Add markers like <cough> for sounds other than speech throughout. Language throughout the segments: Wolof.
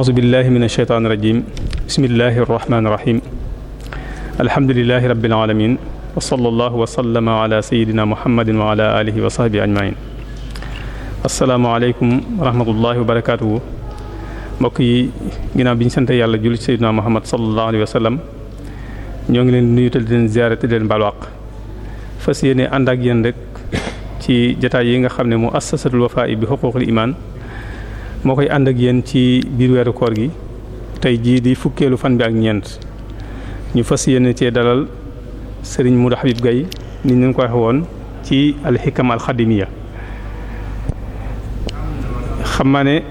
auzu billahi min asheytaani rajim bismillahi arrahmaani irrahim alhamdulilahi rabbil alamin wa sallallahu wa sallama ala sayidina muhammadin wa ala alihi wa sahbi ajmain asalaamaaleykum wa rahmatullahi wa barakatuhu mbokk yi ginnaaw bi ñu sant yàlla julli ci sayidina muhammad sallallahu alayhi wa sallam ñoo ngi leen nuyu te di leen ziyaare te di leen balwaq fas yéene ànd ak yéen rek ci jataay yi nga xam ne mu assasatul wafaa bi xuquqil iman moo koy ànd ak yéen ci biir weeru koor gi tey jii di fukkeelu fan bi ak ñeent ñu fas yéene cee dalal sëriñ Modou Habib gay ni ñu ko waxe woon ci alxikam xam naa ne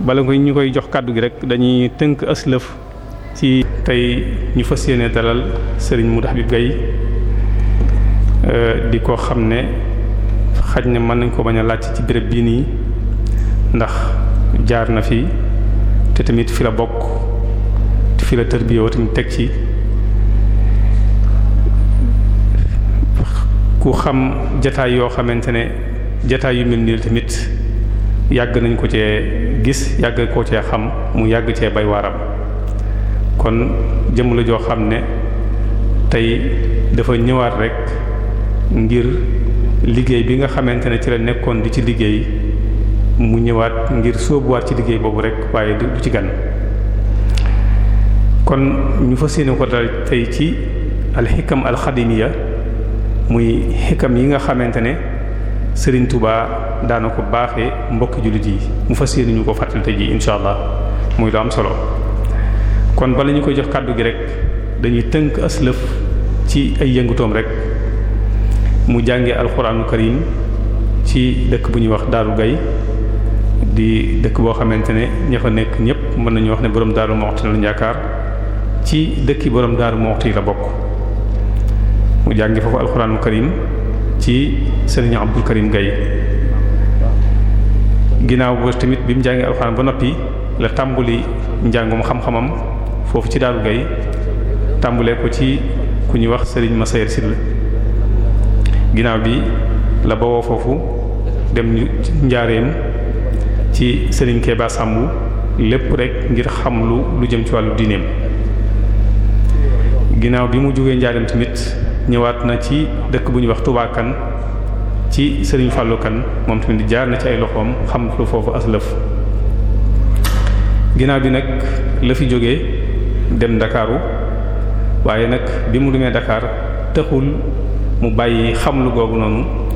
bala ko ñu koy jox kàddu gi rek dañuy tënk aslëf ci tey ñu fas yéene dalal sëriñ Modou Habib Gaye di ko xam ne xaj na mën nañ ko bañ a laaj ci béréb bii nii ndax jaar na fi te tamit fi la bokk fi la tërbiyoo tamit teg ci ku xam jataay yoo xamante ne jataay yu mel nii tamit yàgg nañ ko cee gis yàgg ko cee xam mu yàgg cee bay waaram kon jëmm la joo xam ne tey dafa ñëwaat rek ngir liggéey bi nga xamante ne ci la nekkoon di ci liggéey mu ñëwaat ngir sóobuwaat ci liggéey boobu rek waaye du ci gan kon ñu fas yéene ko dal tey ci alxikam alxadimiya muy xikam yi nga xamante ne Serigne Touba daana ko baaxee mbokki jullit yi mu fas yéene ñu ko fàttalite tey ji incha allah muy lu am solo kon bala ñu koy jox kàddu gi rek dañuy tënk aslëf ci ay yëngutoom rek mu jànge alxuraanu karim ci dëkk bu ñuy wax Daaru Gay di dëkk boo xamante ne ña fa nekk ñëpp mën nañu wax ne borom daalu Muxti la yaakaar ci dëkki borom daaru Muxti la bokk mu jàngi foofu alxuraanul karim ci sëriñ Abdul Karim Gaye ginnaaw boo tamit bi mu jàngi alxuraan ba noppi la tàmbuli njàngum xam-xamam foofu ci daaru Gaye tàmbulee ko ci ku ñuy wax sëriñ Masayer Sylla ginnaaw bi la bawoo foofu dem njaareem ci sëriñ Keba Samb lépp rekk ngir xam lu lu jëm ci wàllu diineem ginnaaw bi mu jógee njaareem tamit ñëwaat na ci dëkk bu ñuy wax Touba Kane ci sëriñ Fallou kan moom tamit jaar na ci ay loxoom xam lu foofu aslëf ginnaaw bi nag la fi jógee dem ndakaaru waaye nag bi mu demee Dakar taxul mu bàyyi xam lu googu noonu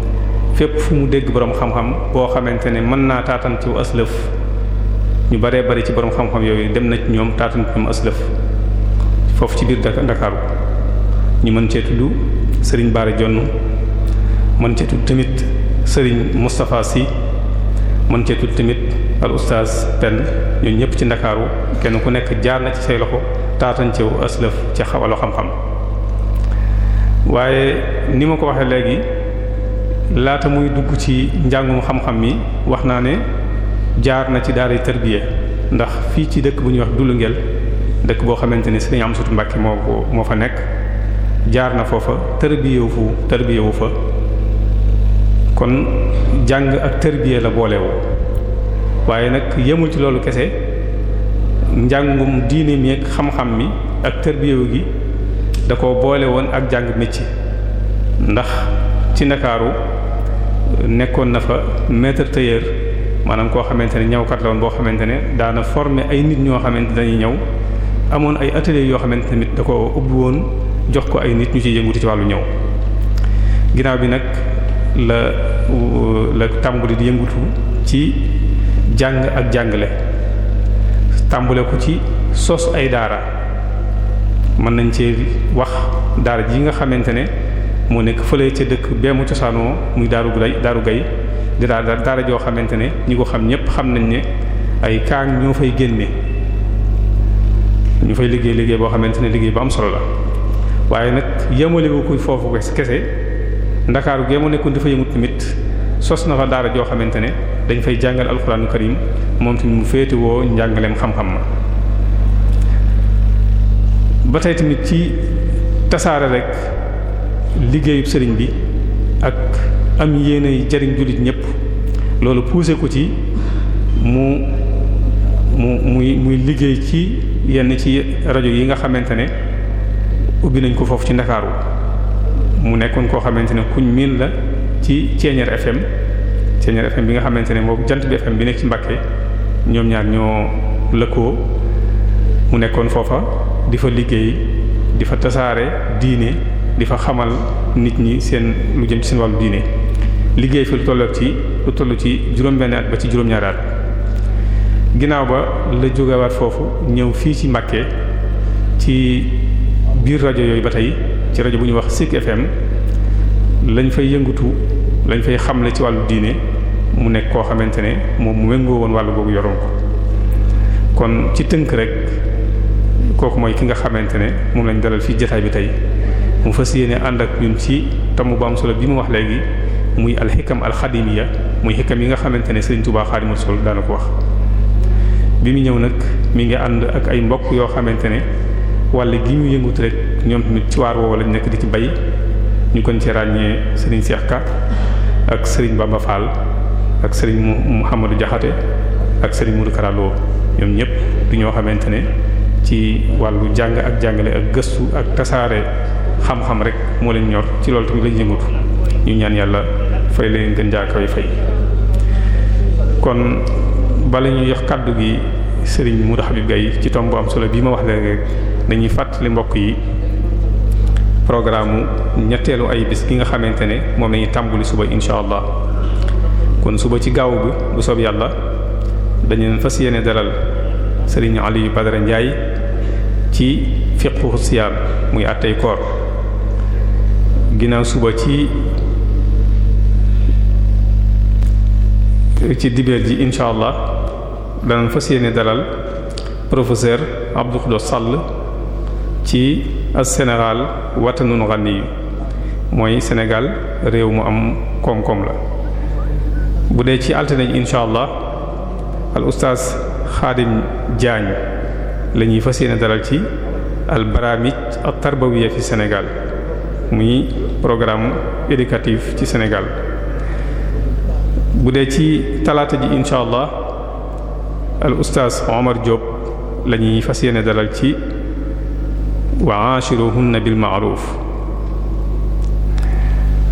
fépp fu mu dégg borom xam-xam boo xamante ne mën naa taatan ci aslëf ñu baree bari ci boroom xam-xam yooyu dem na ñoom taatan ci aslëf foofu ci biir Ndakaaru ñu mën cee tudd Serigne Bara Jonn mën cee tudd tamit Serigne Moustapha mën cee tudd tamit al oustaz Pend ñun ñëpp ci Ndakaaru kenn ku nekk jaar na ci say loxo taatan ci aslëf ci xawalu xam-xam waaye ni ma ko waxee léegi. laata muy dugg ci njàngum xam-xam mi wax naa ne jaar na ci daaray tarbiya ndax fii ci dëkk bu ñuy wax Dulungel dëkk boo xamante ni Sëriñ Amsatu Mbàkke moo ko moo fa nekk jaar na foofa wu fu wu fa kon jàng ak tarbiya la boole woon waaye nag yemul ci loolu kese njàngum diine mi ak xam-xam mi ak tarbiyewu gi da ko boole woon ak jàng métier ndax ci Ndakaaru nekkoon na fa maître tailleur maanaam koo xamante ne ñawkat la woon boo xamante ne daana former ay nit ñoo xamante dañuy ñëw amoon ay ateliers yoo xamante tamit da ko ubbi woon jox ko ay nit ñu ciy yëngutu ci wàllu ñaw ginnaaw bi nag la la tàmbali di yëngutu ci jàng ak jàngale tàmbale ko ci sos ay daara mën nañ ci wax daara ji nga xamante ne moo nekk fële ca dëkk bee mu cosaanoo muy daaru gay daaru di daara daara joo xamante ne ñi ko xam ñëpp xam nañ ne ay kaang ñoo fay génne ñu fay liggéey liggéey boo xamante ne liggéey bu am solo la waaye nag yëmalewu ko foofu kese ndakaaru gee mu nekkoon dafa yemut tamit sos na fa daara joo xamante ne dañ fay jàngal alxuraanu karim moom tamit mu féetewoo njàngaleem xam-xam ma ba tey tamit ci tasaare rek liggéeyub sëriñ bi ak am yéenay jariñ jullit ñépp loolu poussé ko ci mu mu muy muy liggéey ci yenn ci rajo yi nga xamante ne ubbi nañ ko foofu ci Ndakaaru mu nekkoon koo xamante ne kuñ miin la ci Ceeñeer FM Ceeñeer FM bi nga xamante ne moom jant bi FM bi nekk ci Mbàkke ñoom ñaar ñoo lëkkoo mu nekkoon foofa di fa liggéey di fa tasaare diine di fa xamal nit ñi seen lu jëm ci seen wàllu diine liggéey fi lu toll ci lu toll ci juróom-benn at ba ci juróom-ñaari ginnaaw ba la jógewaat foofu ñëw fii ci Mbàkke ci biir rajo yooyu ba tey ci rajo bu ñuy wax Zik FM lañ fay yëngatu lañ fay xamle ci wàllu diine mu nekk koo xamante ne moom mu méngoo woon wàllu googu yoroon ko kon ci tënk rek kooku mooy ki nga xamante ne moom lañ dalal fii jotaay bi tey. mu fas yéene ànd ak ñun ci tomb bu am solo bi mu wax léegi muy alxikam alxadimiya muy xikam yi nga xamante ne Sëriñ Tuubaa Xaadimu Rasuul daana ko wax bi mu ñëw nag mu ngi ànd ak ay mbokk yoo xamante ne walla gi ñu yëngut rek ñoom ci lañ nekk di ci bay ñu gën ci ràññee Sëriñ Seex Ka ak Sëriñ Bamba ak Sëriñ Mouhamadou Jaxate ak Sëriñ Moudou Karalo ñoom ñëpp du ñoo xamante ne ci wàllu jàng ak jàngale ak gëstu ak tasaare xam-xam rek moo leen ñor ci loolu tamit lañu yëngatu ñu ñaan yàlla fay leen gën jaakawe fay kon bala ñuy yox kàddu gi sëriñ Modou Habib Gaye ci tomb am solo bii ma wax leen rek dañuy fàttali mbokk yi programme ñetteelu ay bis ki nga xamante ne moom lañuy tàmbuli suba incha allah kon suba ci gaaw bi bu soob yàlla dañu leen fas yéene dalal sëriñ Aliou Badara Ndiaye ci fiqhu siyaam muy àttey koor ginaaw suba ci ci dibeer ji incha allah danañ fas yéene dalal professeur Abdou Khoudoss Sall ci as Sénégal watanun ghani mooy Sénégal réew mu am koom-koom la bu dee ci altine incha allah al ustaas Xaadim Diagne la ñuy fas yéene dalal ci al baramij at tarbawiya fi Sénégal muy programme éducatif ci senegal bu dee ci talaata ji incha allah al ustaas Omar Diop la ñuy fas yéene dalal ci wa ashiruhunna bil ma'ruf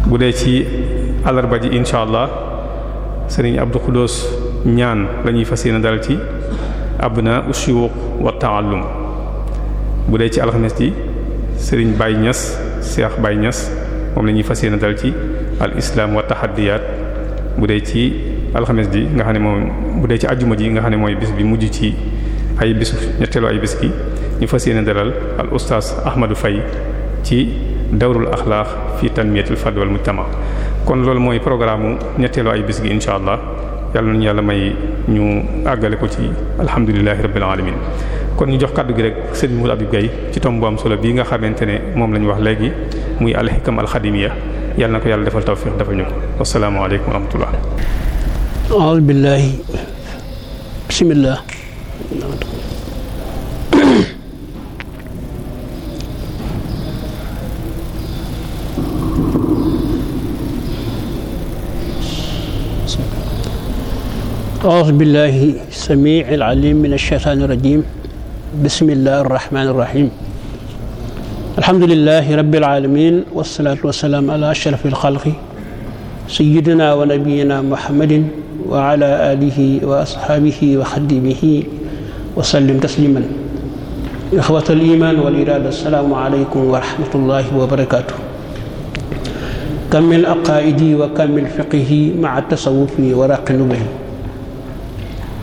bu dee ci alarba ji incha allah sëriñ Abdou Khoudous ñaan la ñuy fas yéene dalal ci abna ushuyuq wa ta'allum bu dee ci alxames ji sëriñ Baye Niass Cheikh bay Niass moom la ñuy fas yéene dal ci al islam wa taxaddiyaat bu dee ci alxames ji nga xam ne moom bu dee ci ajjuma ji nga xam ne mooy bis bi mujj ci ay bisu ñetteelu ay bis gi ñu fas yéene dalal al ustaas Ahmadou fay ci dawrul axlaax fi tanmiyatil fard wal mujtama kon loolu mooy programme ñetteeloo ay bis gi incha allah. yàlla nañu yàlla may ñu àggale ko ci alhamdulilahi rabbil alamin kon ñu jox kàddu gi rek sëriñ Moul Abib Gaye ci tomb bu am solo bi nga xamante ne moom la ñu wax léegi muy alxikam alxadimiya yàlla na ko yàlla defal tawfiq dafa ñu ko wasalaamaaleykum wa rahmatullah a'udhu bismillah أعوذ بالله السميع العليم من الشيطان الرجيم بسم الله الرحمن الرحيم الحمد لله رب العالمين والصلاة والسلام على أشرف الخلق سيدنا ونبينا محمد وعلى آله وأصحابه وخدمه وسلم تسليما إخوة الإيمان والإرادة السلام عليكم ورحمة الله وبركاته كم من أقائدي وكم من فقهي مع التصوف ورق به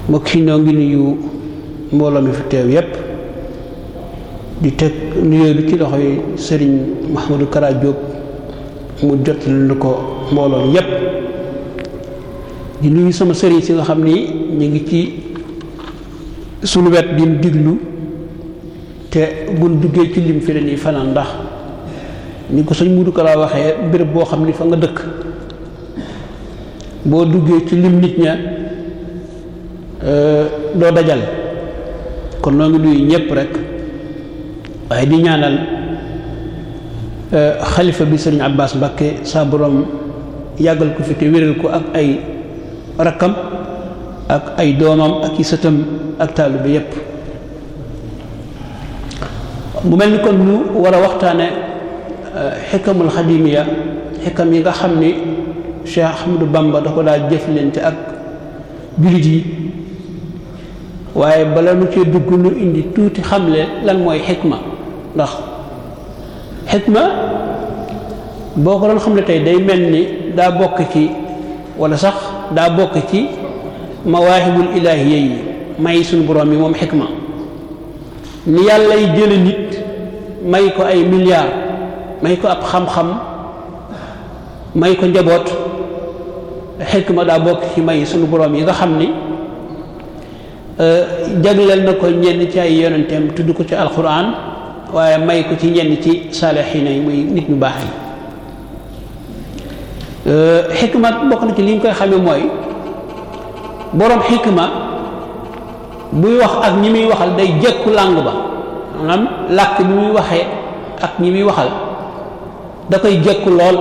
mbokk yi noo ngi nuyu mbooloo mi fi teew yépp di teg nuyoo bi ci loxo yi sëriñ Mouhamadou Kara Diop mu jot lu ko mbooloo yépp di nuyu sama sëriñ si nga xam ni ñu ngi ci sunu wet di diglu te buñ duggee ci lim fi dañuy fanaan ndax ni ko sëñ Mouhamadou Kara waxee béréb boo xam ni fa nga dëkk boo duggee ci lim nit ña Euh, doo dajal kon noonu ngi nuyu ñëpp rek waaye di ñaanal euh, xalifa bi sëriñ Abbas Mbakke saa borom yàggal ko fi te wéral ko ak ay rakkam ak ay doomam ak i sëtam ak taalu bi yépp mu mel ni kon ñu war a waxtaane euh, xikamul xadimiya xikam yi nga xam ni Cheikh Ahmadou Bamba da ko daa jëflante ak jullit yi waaye bala nu cee dugg nu indi tuuti xamle lan mooy xikma ndax xikma boo ko doon xamle tey day mel ni daa bokk ci wala sax daa bokk ci mawaahibul ilaahiyya yi may suñu borom yi moom xikma ni yàlla yi jële nit may ko ay milliards may ko ab xam-xam may ko njaboot xikma daa bokk ci may sunu borom yi nga xam ni Euh, jagleel na ko ñenn ci ay yonenteem tudd ko ci alxuraan waaye may ko ci ñenn ci saalixiina yi muy nit ñu baax yi euh, xikma bokk na ci li ñu koy xamee mooy boroom xikma buy wax ak ñi muy waxal day jekku làngu ba maanaam làkk bi muy waxee ak ñi muy waxal da koy jekku lool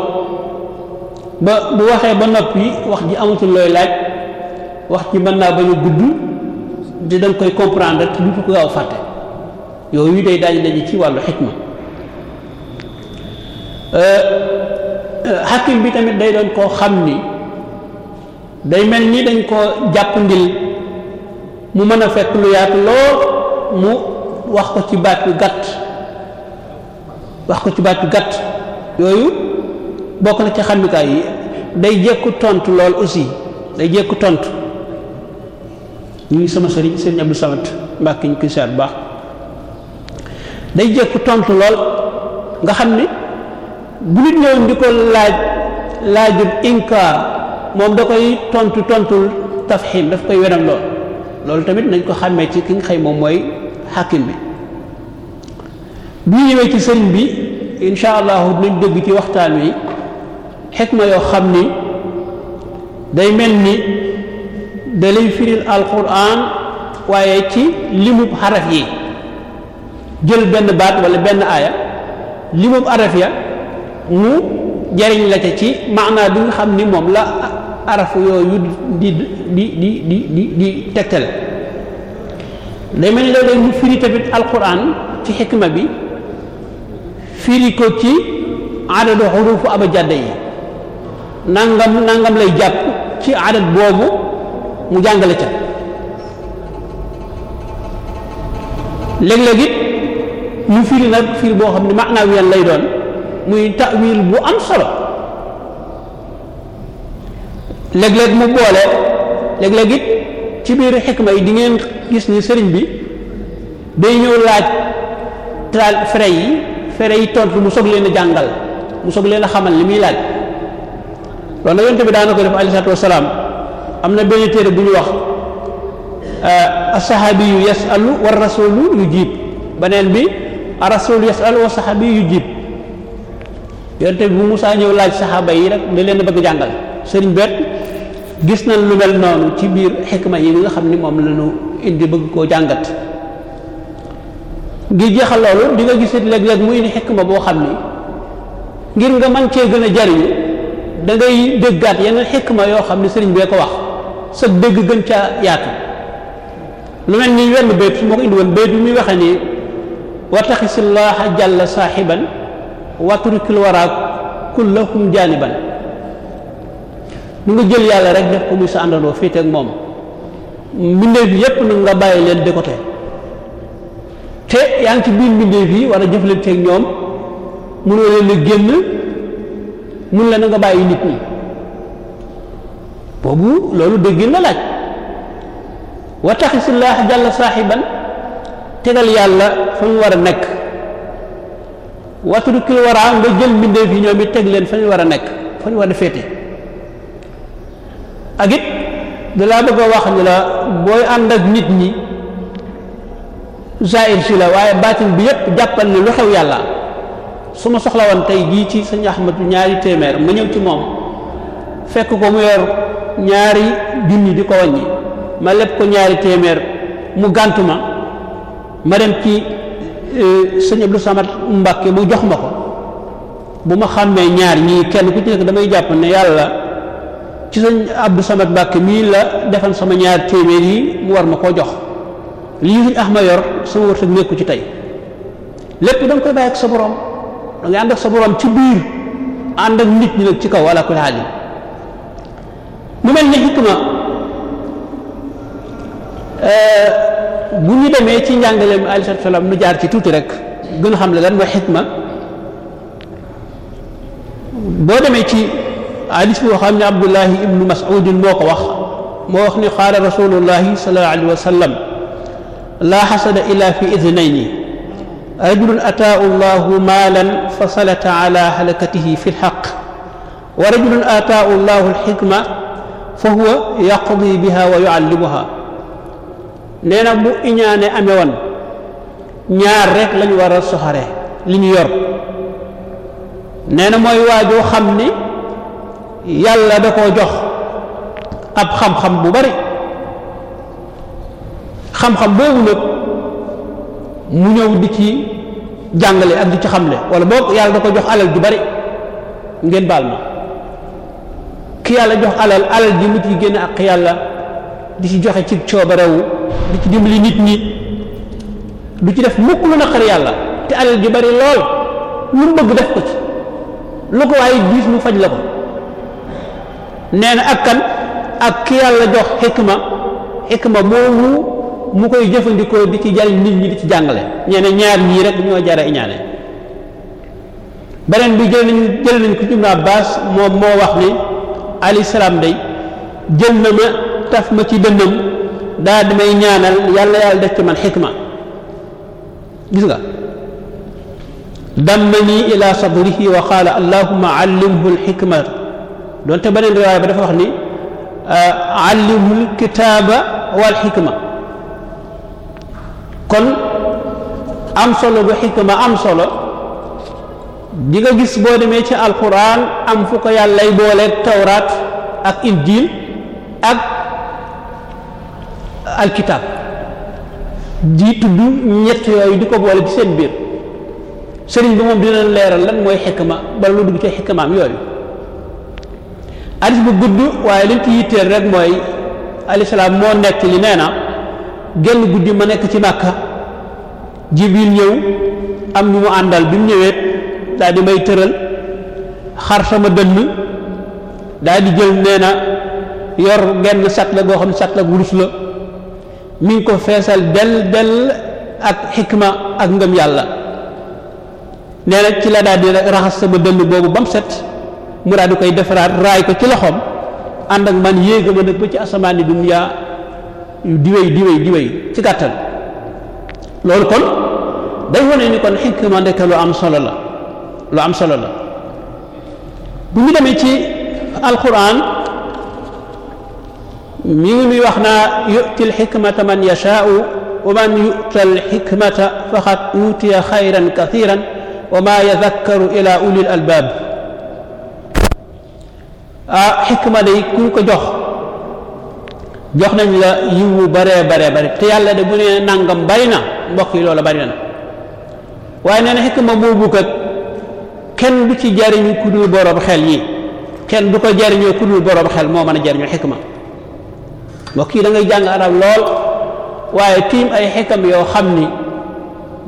ba bu waxee ba noppi wax ji amatul looy laaj wax ji mën naa bañ a gudd di da koy comprendre te du ko gaaw fàtte yooyu day daañu daje ci wàllu xikma euh, euh, xakim bi tamit day doon koo xam ni day mel ni dañ koo jàpp ndil mu mën a fekk lu yaatu lool mu wax ko ci baat yu gàtt wax ko ci baat yu gàtt yooyu bokk na ci xamikaay yi day jékku tontu lool aussi day jékku tontu ñuy sama sëriñ sëriñ Abdou Samad Mbàkke ñu koy saat baax day jekku tontu lool nga xam ne bu nit ñëwoon di ko laaj laajub inkaar moom da koy tontu tontul tafhim daf koy wenam lool loolu tamit nañ ko xàmmee ci ki nga moom mooy xàkkim bi bu ñëwee ci sëriñ bi incha allahu dinañ dégg ci waxtaan wi xikma yoo xam ni day mel ni da lay firil alquran waaye ci limub xaraf yi jël benn baat wala benn aaya limub araf ya mu jariñ la ca ci maanaa bi nga xam ni moom la araf yooyu di di di di di di tegtale day ni léeg-léeg mu firi tamit alquran ci xikma bi firi ko ci adadu xurufu abajadda yi nangam nangam lay jàpp ci adad boobu mu jàngale ca léeg-léeg it mu firi nag fiir boo xam ne maanaa wiyan lay doon muy tawil bu am solo léeg-léeg mu boole léeg-léeg it ci biir xikma yi di ngeen gis ni sëriñ bi day ñëw laaj tral fere yi fere yi tontu mu soog leen a jàngal mu soog leen a xamal li muy laaj loolu na yonte bi daana ko def alayhi salaatu wasalaam am na benn téere bu ñu wax euh, asahabiyu yasalu wa rasulu yu jiib beneen bi a rasul yasalu wa sahabi yu jiib yonte bi bu Musaa ñëw laaj saxaaba yi rek da leen bëgg jàngal sëriñ bet gis na lu mel noonu ci biir xekk ma yi nga xam ni moom la indi bëgg koo jàngat ngir jeexal loolu di nga gisit léeg-léeg mu indi ma boo xam ni ngir nga mën cee gën a jariñu dangay ngay déggaat xekk xikma yoo xam ni sëriñ bee ko wax sa dégg gën caa yaatu lu mel ni wenn bayt su ma ko indi woon bayt bi muy waxee nii wattaxisillaaha jàlla saaxiban watrukil waraa kullahum jaaniban nu nga jël yàlla rek def ko muy sa àndandoo fii teg moom mbindeef yépp nag nga bàyyi leen de côté te yaa ngi ci biir mbindeef yi war a jëflanteeg ñoom mënoo leen a génn mun la na nga bàyyi nit ñi boobu loolu déggin la laaj wa taxisillah jàlla saaxiban tegal yàlla fa mu war a nekk watrukil waraa nga jël mbindeef yi ñoom it teg leen fa ñu war a nekk fa ñu war a féete ak it dalaa bëgg a wax ni la booy ànd ak nit ñi zaahir si la waaye baatin bi yépp jàppal ne lu xew yàlla su ma soxla woon tey jii ci sëñ Ahmadu ñaari téeméer ma ñëw ci moom fekk ko mu yor ñaari junni di ko wàññi ma leb ko ñaari téeméer mu gànt ma ma dem ci euh, sëñ Abdou Samad Mbàkke mu jox ma ko bu ma xàmmee ñaar ñii kenn ku ci nekk damay jàpp ne yàlla ci sëñ Abdou Samad Mbàkke mii la defal sama ñaari téeméer yi mu war ma koo jox lii suñu ax ma yor sama wërsëg nekku ci tey lépp da nga koy bàyyi ak sa borom da ngay ànd ak sa boroom ci biir ànd ak nit ñi nekk ci kaw wala kulli xaal mu mel ni xikma euh, bu ñu demee ci njàngaleem alayhi salaatu salaam nu jaar ci tuuti rek gën a xam ne lan mooy xikma boo demee ci hadis boo xam ne Abdullahi ibnu Mas'udin moo ko wax moo wax ni qaala rasulullahi sallallahu alayhi wa sallam laa xasada illa fi idnayni rajulun ataahu llahu maalan fa salata ala halakatihi fi lxaq wa rajulun ataahu llahu alxikma fa huwa yaqdi biha wa yuallimuha nee na bu iñaane amee ñaar rek lañu war a soxare li ñu yor nee na mooy waajoo xam ni yàlla da koo jox ab xam-xam bu bari xam-xam boobu nag mu ñëw di ci jàngale ak di ci xam xamle wala boog yàlla da ko jox alal ju bari ngeen baal ma ki yàlla jox alal alal ji mu ci génn ak yàlla di ci joxe ci coobarewu di ci dimbali nit ñi du ci def mukk lu naqar yàlla te alal ji bari lool lu mu bëgg def ko ci lu ko waaye diis mu faj la ko nee na ak kan ak ki yàlla jox xikma xikma moomu mu koy jëfandikoo di ci jariñ nit ñi di ci jàngale ñeene ñaar ñii rek ñoo jara iñaane beneen bi jël nañ ko ci Ibn moom moo wax ni alayhi salaam day jël na ma taf ma ci dëndam daa di ñaanal yàlla yàlla def ci man xikma gis nga dammani ila sadrihi wa qaala allahumma allimhu alxikmata doonte beneen riwaaya ba dafa wax ni ah, allimhu am solo bu xikma am solo di nga gis boo demee ci alquran am fu ko yàllay booleeg tawraat ak injil ak alkitab di tudd ñett yooyu di ko boole ci seen biir sëriñ bi moom dina leeral lan mooy xikma bala lu dugg ci xikmaam yooyu addis bu gudd waaye liñ yitteel rek mooy alisalaam moo nekk li nee na genn guddi ma nekk ci màkka jibril ñëw am ñu mu àndal bi mu ñëwee daal di may tëral xar sama dënn daal jël nee yor genn satla goo xam ne satla wurus la mi ngi ko feesal del del ak xikma ak ngëm yàlla nee na ci la daal raxas sama dënn boobu ba mu set mu daal di koy defaraat raay ko ci loxoom ànd ak man yéega ma nag ba ci asamaan ni dunya yu diwéy diwéy diwéy ci gàttal loolu kon day wane ni kon xikma ndeke lu am solo la lu am solo la bu ñu demee ci alquran mi wax na yu'ti alxikmata man yashaa'u wa man yu'ta alxikmata faqad utiya xayran kathiran wa ma yadakkaru ila ulil albaab ah xikma day jox jox nañ la yiwu baree baree bare te yàlla de bu ne nangam bari na mbokk yi loolu bari na waaye nee na kenn du ci jariñu ku dul boroom xel yi kenn du ko jariñoo ku dul boroom xel moo man a jariñu xikma mbokk yi da ngay jàng arab lool waaye tiim ay xikam yoo xam ni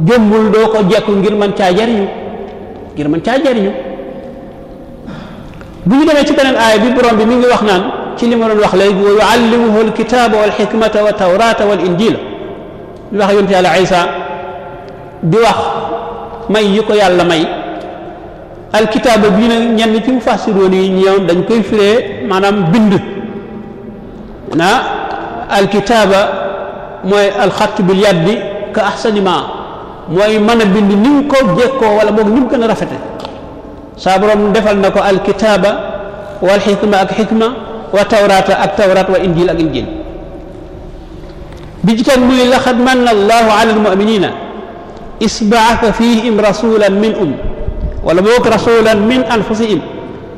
jëmbul doo ko jekku ngir mën caa jariñu ngir mën caa jariñu bu ñu demee ci beneen aaya bi borom bi mi ngi wax naan ci li ma doon wax léegi wa yuallimuhu alkitaba walxikmata wa tawrata wal injila di wax yonte yàlla isa di wax may yi ko yàlla may alkitaaba bii nag ñenn ci mufassiroon yi ñëw dañ koy firee maanaam bind na alkitaaba mooy alxattu bil yaddi ka ahsani ma mooy mën bind ni mu ko jekkoo wala boog ni mu gën a rafete saa defal na ko alkitaaba wal xikma ak xikma wa tawraata ak tawraat wa injil ak injil bi ci muy laxad manna allahu ala almuminina is baata rasulan minhum wala boog rasulan min anfusihim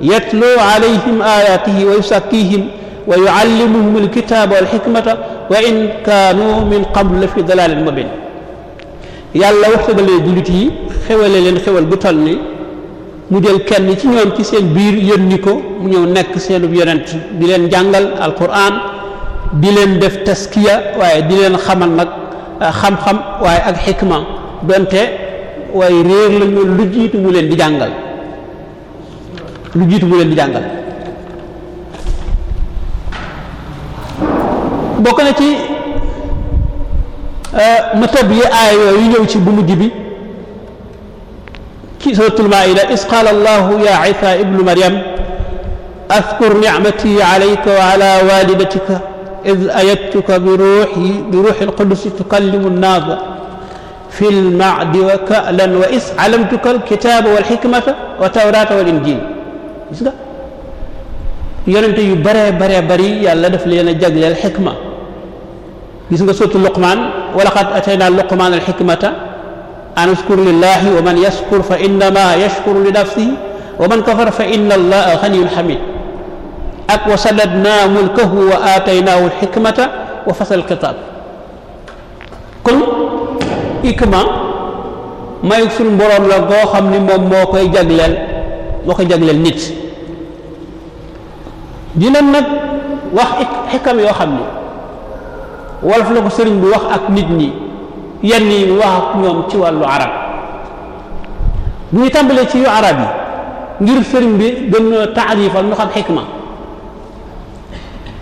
yatlu alayhim ayatihi wa yusakkihim wa yuallimuhum alkitaba walxikmata wa kaanu min qablu la fi dalalin mubin yàlla waxtabalee jullit yi xewale leen xewal gu toll ni mu jël kenn ci ñoom ci seen biir yónni ko mu ñëw nekk seenub yonent di leen jàngal alquran di leen def taskiya waaye di leen xamal nag xam waaye ak xikma donte waaye réer la ñoon lu jiitu mu leen di jàngal lu jiitu mu leen di jàngal bokk na ci euh, ma tëb yi aay yooyu ñëw ci bu mujj bi ci suratul maida is qaala allahu ya isa ibnu maryam askur nicmati alayka wa ala walidatika id ayattuka bi ruuxi bi ruuxi alqudus tukallimu nnaasa fi lmahdi wa kalan wa is alamtuka alkitaaba walxikmata wa tawrata wal injil gis nga yonente yu baree baree bari yàlla daf leen a jagleel xikma gis nga sotu luqman wa laqad atayna luqman alxikmata an uskur lillahi wa man yaskur fa innama yashkuru li nafsihi wa man kafara fa inna allaha xaniyun xamid ak wa sadadna mulkahu wa aataynaahu alxikmata wa fasal alxitaab kon ikma mayug suñu boroom la goo xam ni moom moo koy jagleel moo koy jagleel nit dina nag wax xikam yoo xam ni wolof la ko sëriñ bi wax ak nit ñi yenn yi mu wax ak ñoom ci wàllu arab bu ñu tàmbalee ci yu arab yi ngir sëriñ bi gën a taarifal ñu xam xikma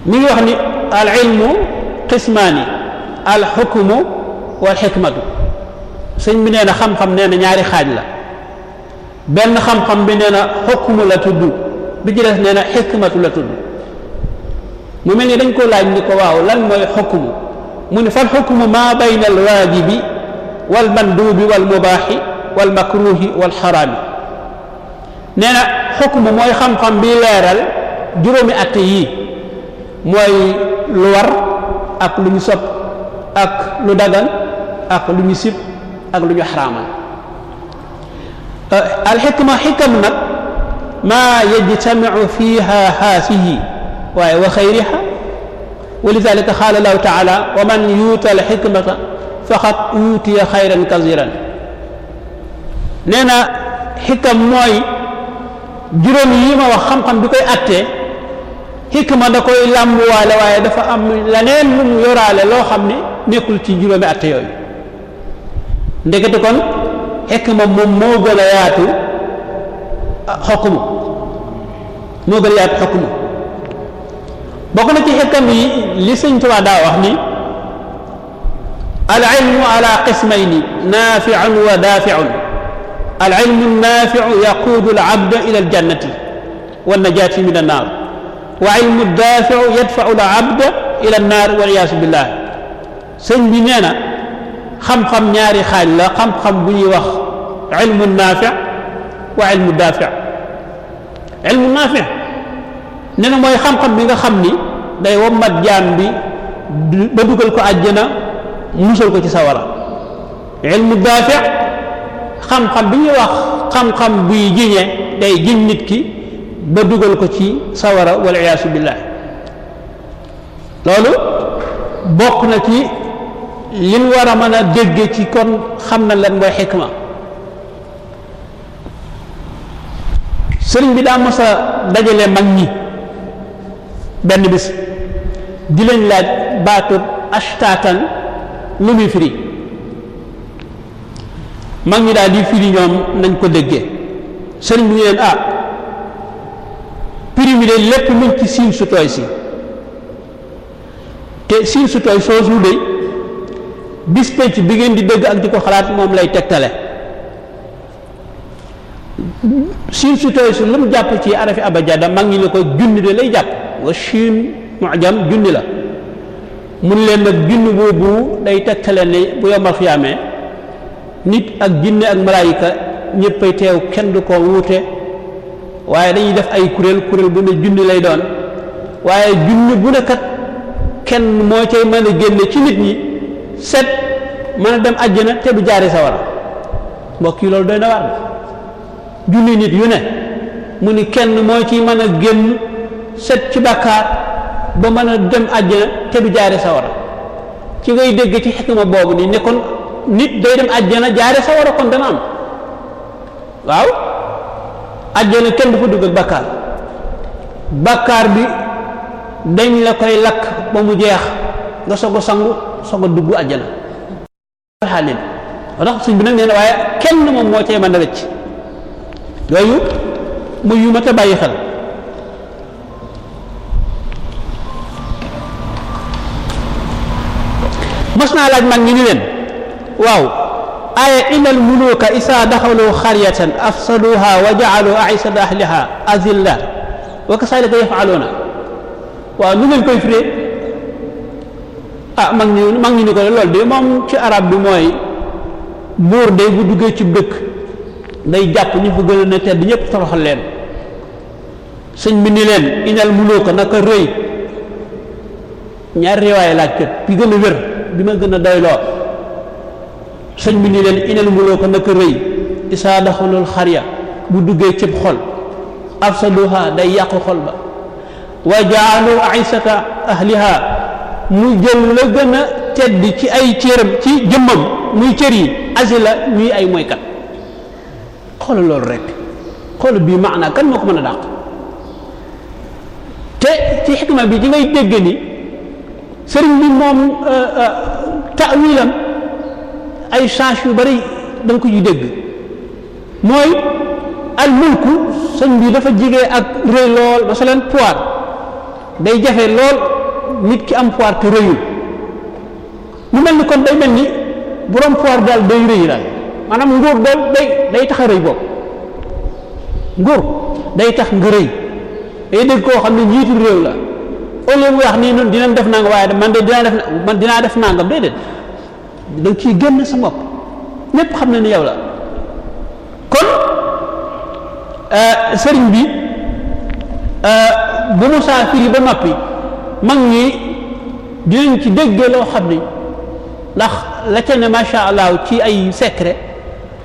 mi ngi wax ni al ilmu qismaani al xukmu wal xikmatu sëñ bi nee na xam-xam nee ñaari xaaj la benn xam-xam bi nee na xukmu la tudd bi ci des xikmatu la tudd mu mel ni dañ ko laaj ni ko waaw lan mooy xukmu mu ni fal xukmu maa bayna al waajibi wal manduubi wal wa wal makruuhi wal xaraami nee mooy xam-xam bi leeral juróomi at yii mooy lu war ak lu ñu sopp ak lu dagan ak lu ñu sib ak lu ñu xaraamal eh, alxikma xikam nag maa yajtamiu fiha haasihi waaye wa xayriha wa lidalika qaala allahu taala wa man yuuta alxikmata faqad uutiya xayran kasiran nee na xikam mooy juróom yi ma wax xam-xam bi koy attee xikma da koy làmbuwaale waaye dafa am leneen lu mu yoraale loo xam ne nekkul ci juróomi atte yooyu ndekete kon xikma moom moo gën a yaatu ah, xokkumu moo gën a yaatu xokkumu bokk na ci xikam yi li sëñ Tuubaa daa wax ni al ilmu ala qismayni naafiun wa daafiun al ilmu naafiu yaquudu al abda ila al jannati wa najaati min annaar wa ilmu daafiu yadfau al abda ila annaar wal iyaasu billah sëñ bi nee na xam-xam ñaari xaaj la xam-xam bu ñuy wax ilmu naafi wa ilmu daafi ilmu naafi nee mooy xam bi nga xam ni day wommat jaan bi ba dugal ko gëna musal ko ci sawara ilmu daafi xam-xam ñuy wax xam buy jiñe day jiñ nit ki ba dugal ko ci sawara wal iyaasu billah loolu bokk na ci liñ war a mën a dégge ci kon xam na leen mooy xikma sëriñ bi daa mos dajale mag ñi benn bis di lañ laaj baatub ashtaatan lu muy firi mag ñi daal di firi ñoom nañ ko dégge sëriñ bi ñu leen ah primi de lépp luñ ci siin su tooy si te siin su tooy soo su dey bis bi ngeen di dëgg ak di ko xalaat moom lay tegtale siin su tooy su lu mu jàpp ci arafi abajada mag ñi ne ko junni de lay jàpp wa siin mujam junni la mun leen nag junni boobu day tegtale ne bu yombal xiyaamee nit ak jinne ak malaayika ñëppay teew kenn du ko wuute waaye dañuy def ay kuréel kuréel bu ne junni lay doon waaye junni bu ne kenn moo cay mën a génne ci nit ñi set mën a dem àjjana te du jaari sawara mbokk yi loolu doy na war na julli nit yu ne mu ni kenn moo ci mën a génn set ci bàkkaar ba mën a dem àjjana te du jaari sawara ci ngay dégg ci xikma boobu ni ne kon nit day dem àjjana jaare sawara kon dana am waaw àjjana kenn du fa dugg ak bàkkaar bàkkaar bi dañ la koy lakk ba mu jeex nga soog a sangu soog a dugg àjjana xaalin na waaye kenn moom moo cay mën a yooyu mu yu mat bàyyi xel mas naa laaj mag ñi ni leen waaw aaya innal muluka isa daxalu xaryatan afsaduha wa jaalu aisata ahliha azilla wa kasalika yafaluuna waaw lu koy firee ah mag ñu mag ñu ni ko loolu de moom ci arab bi mooy buur de bu duggee ci dëkk day jàpp ñu fa gën a tedd ñëpp toroxal leen sëñ bi ni leen inal mënoo ko naka rëy ñaari riwaay laaj kat bi gën a wér bi gën a doyloo sëñ bi ni leen inal mënoo ko naka rëy isaa daxulul xarya bu duggee cib xol afsaduha day yàqu xol ba wa jaalu aysata ahliha mu jël la gën a tedd ci ay cëram ci jëmmam muy cër yi asila ñuy ay moykat xoola loolu rek xoola bii maanaa kan moo ko mën a dàq te ci xikma bi di ngay dégg ni sëriñ bi moom euh, euh, taawilam ay change yu bari da nga ko dégg mooy al mulku sëñ bi dafa jigee ak rëy lool masalan pouvoir day jafe lool nit ki am pouvoir te rëyul mu mel ni kon day mel ni borom pouvoir daal day rëy daal maanaam nguur daal day day tax a rëy boobu nguur day tax nga rëy day dégg koo xam ne njiitu réew la au lieu mu wax nii noonu def nangam waaye man de dinaa def man dinaa def nangam déedéet da ciy génn sa bopp ñépp xam ne ni yow la kon euh, sëriñ bi euh, bu mu saa ba noppi mag ñi dinañ ci déggee loo xam ne ndax la ca ne macha allah ci ay secret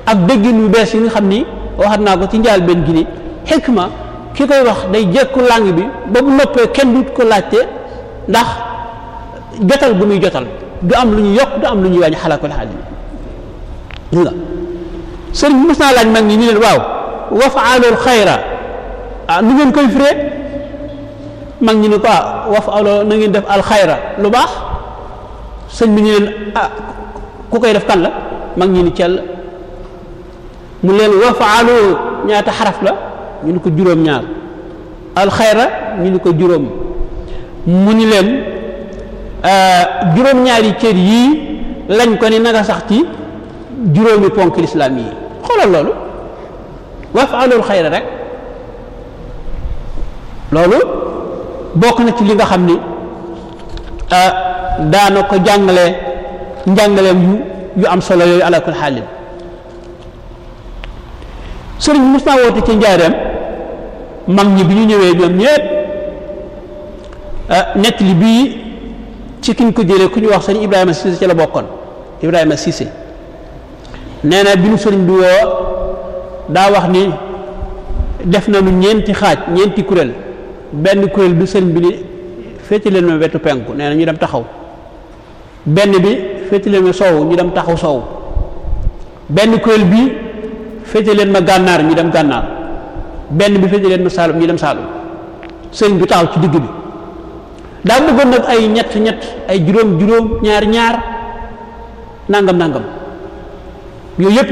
ak déggin yu bees yi nga xam ni waxat naa ko ci njaal benn gi ni xikma ki koy wax day jekku làng bi ba bu noppee kenn du ko laajte ndax jotal bu muy jotal du am lu ñuy yokk du am lu ñuy wàññi xalaa ko xaal yi nga sëriñ bi mos naa laaj mag ñi ñu leen waaw wafaalul xayra ah nu ngeen koy firee mag ñi ni ko ah, waf alo na ngeen def alxayra lu baax sëñ bi ñu leen ah ku koy def kan la mag ñi ni cell mu leen wafaalu ñaata xaraf la ñu ni ko juróom-ñaar alxayra ñu ni ko juróom mu ni leen ah, juróom-ñaari cër yii lañ ko ni naga sax ci juróomi ponk lislaam yi xoolal loolu wafaalul xayra rek loolu bokk na ci li nga xam ni euh, daana ko jàngale njàngaleem yu yu am solo yooyu ala kul xaalim sëriñ bi mos naa woote ci njaareem mag ñi bi ñu ñëwee ñoom ñépp euh, nett li bii ci kiñ ko jële ku ñu wax sëriñ Ibrahima Cissé ci la bokkoon Ibrahima Cissé nee na bi ñu sëriñ bi woo daa wax ni def nu ñeenti xaaj ñeenti kuréel benn kuréel bi sëñ bi ni fecc leen ma wetu penku nee na ñu dem taxaw benn bi fecc leen ma soow ñu dem taxaw soow benn kuréel bi fecc leen ma gànnaar ñu dem gànnaar benn bi fecc leen ma saalum ñu dem saalum sëñ bi taxaw ci digg bi daa bëggoon nag ay ñett ñett ay juróom juróom ñaar ñaar nangam nangam yooyu yëpp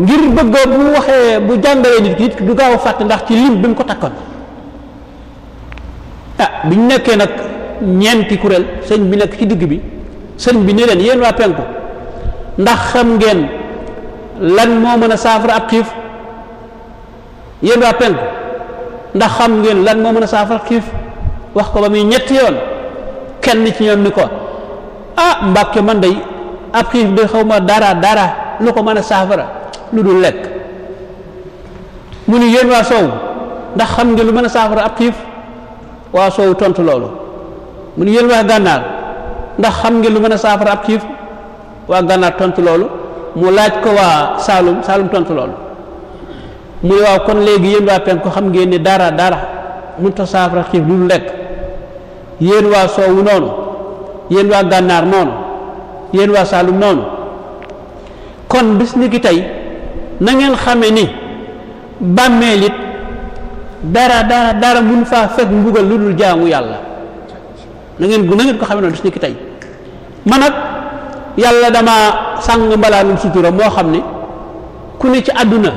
ngir bëgg bu waxee bu jàngalee nit ki du gaaw a fàtte ndax ci lim bi mu ko takkoon. ah bi ñu nekkee nag ñeenti kuréel sëñ bi nekk ci digg bi sëñ bi ni leen yéen waa penku ndax xam ngeen lan moo mën a saafara ab xiif yéen waa penku ndax xam ngeen lan moo mën a saafara xiif wax ko ba muy ñetti yoon kenn ci ñoom ni ko ah mbàkke man day ab xiif de xaw ma dara dara lu ko mën a saafara lu dul lekk mu ni yéen waa soow ndax xam ngeen lu mën a saafara ab xiif waa soowu tontu loolu mu ne waa gànnaar ndax xam ngeen lu mën a saafara ab xiif waa gànnaar tontu loolu mu laaj ko waa saalum saalum tontu loolu mu ne waaw kon léegi yéen waa penku xam ngeen ne dara dara mënut a saafara xiif lu dul lekk yéen waa soowu noonu yéen waa gànnaar noonu yéen waa saalum noonu kon bis ni ki tey na ngeen xame ni bàmmeel it dara dara dara mun faa fekk mbugal lu dul jaamu yàlla na ngeen na ngeen ko xamee noonu bis ni ki tey man nag yàlla damaa sàng mbalaanum sutura moo xam ne ku ne ci àdduna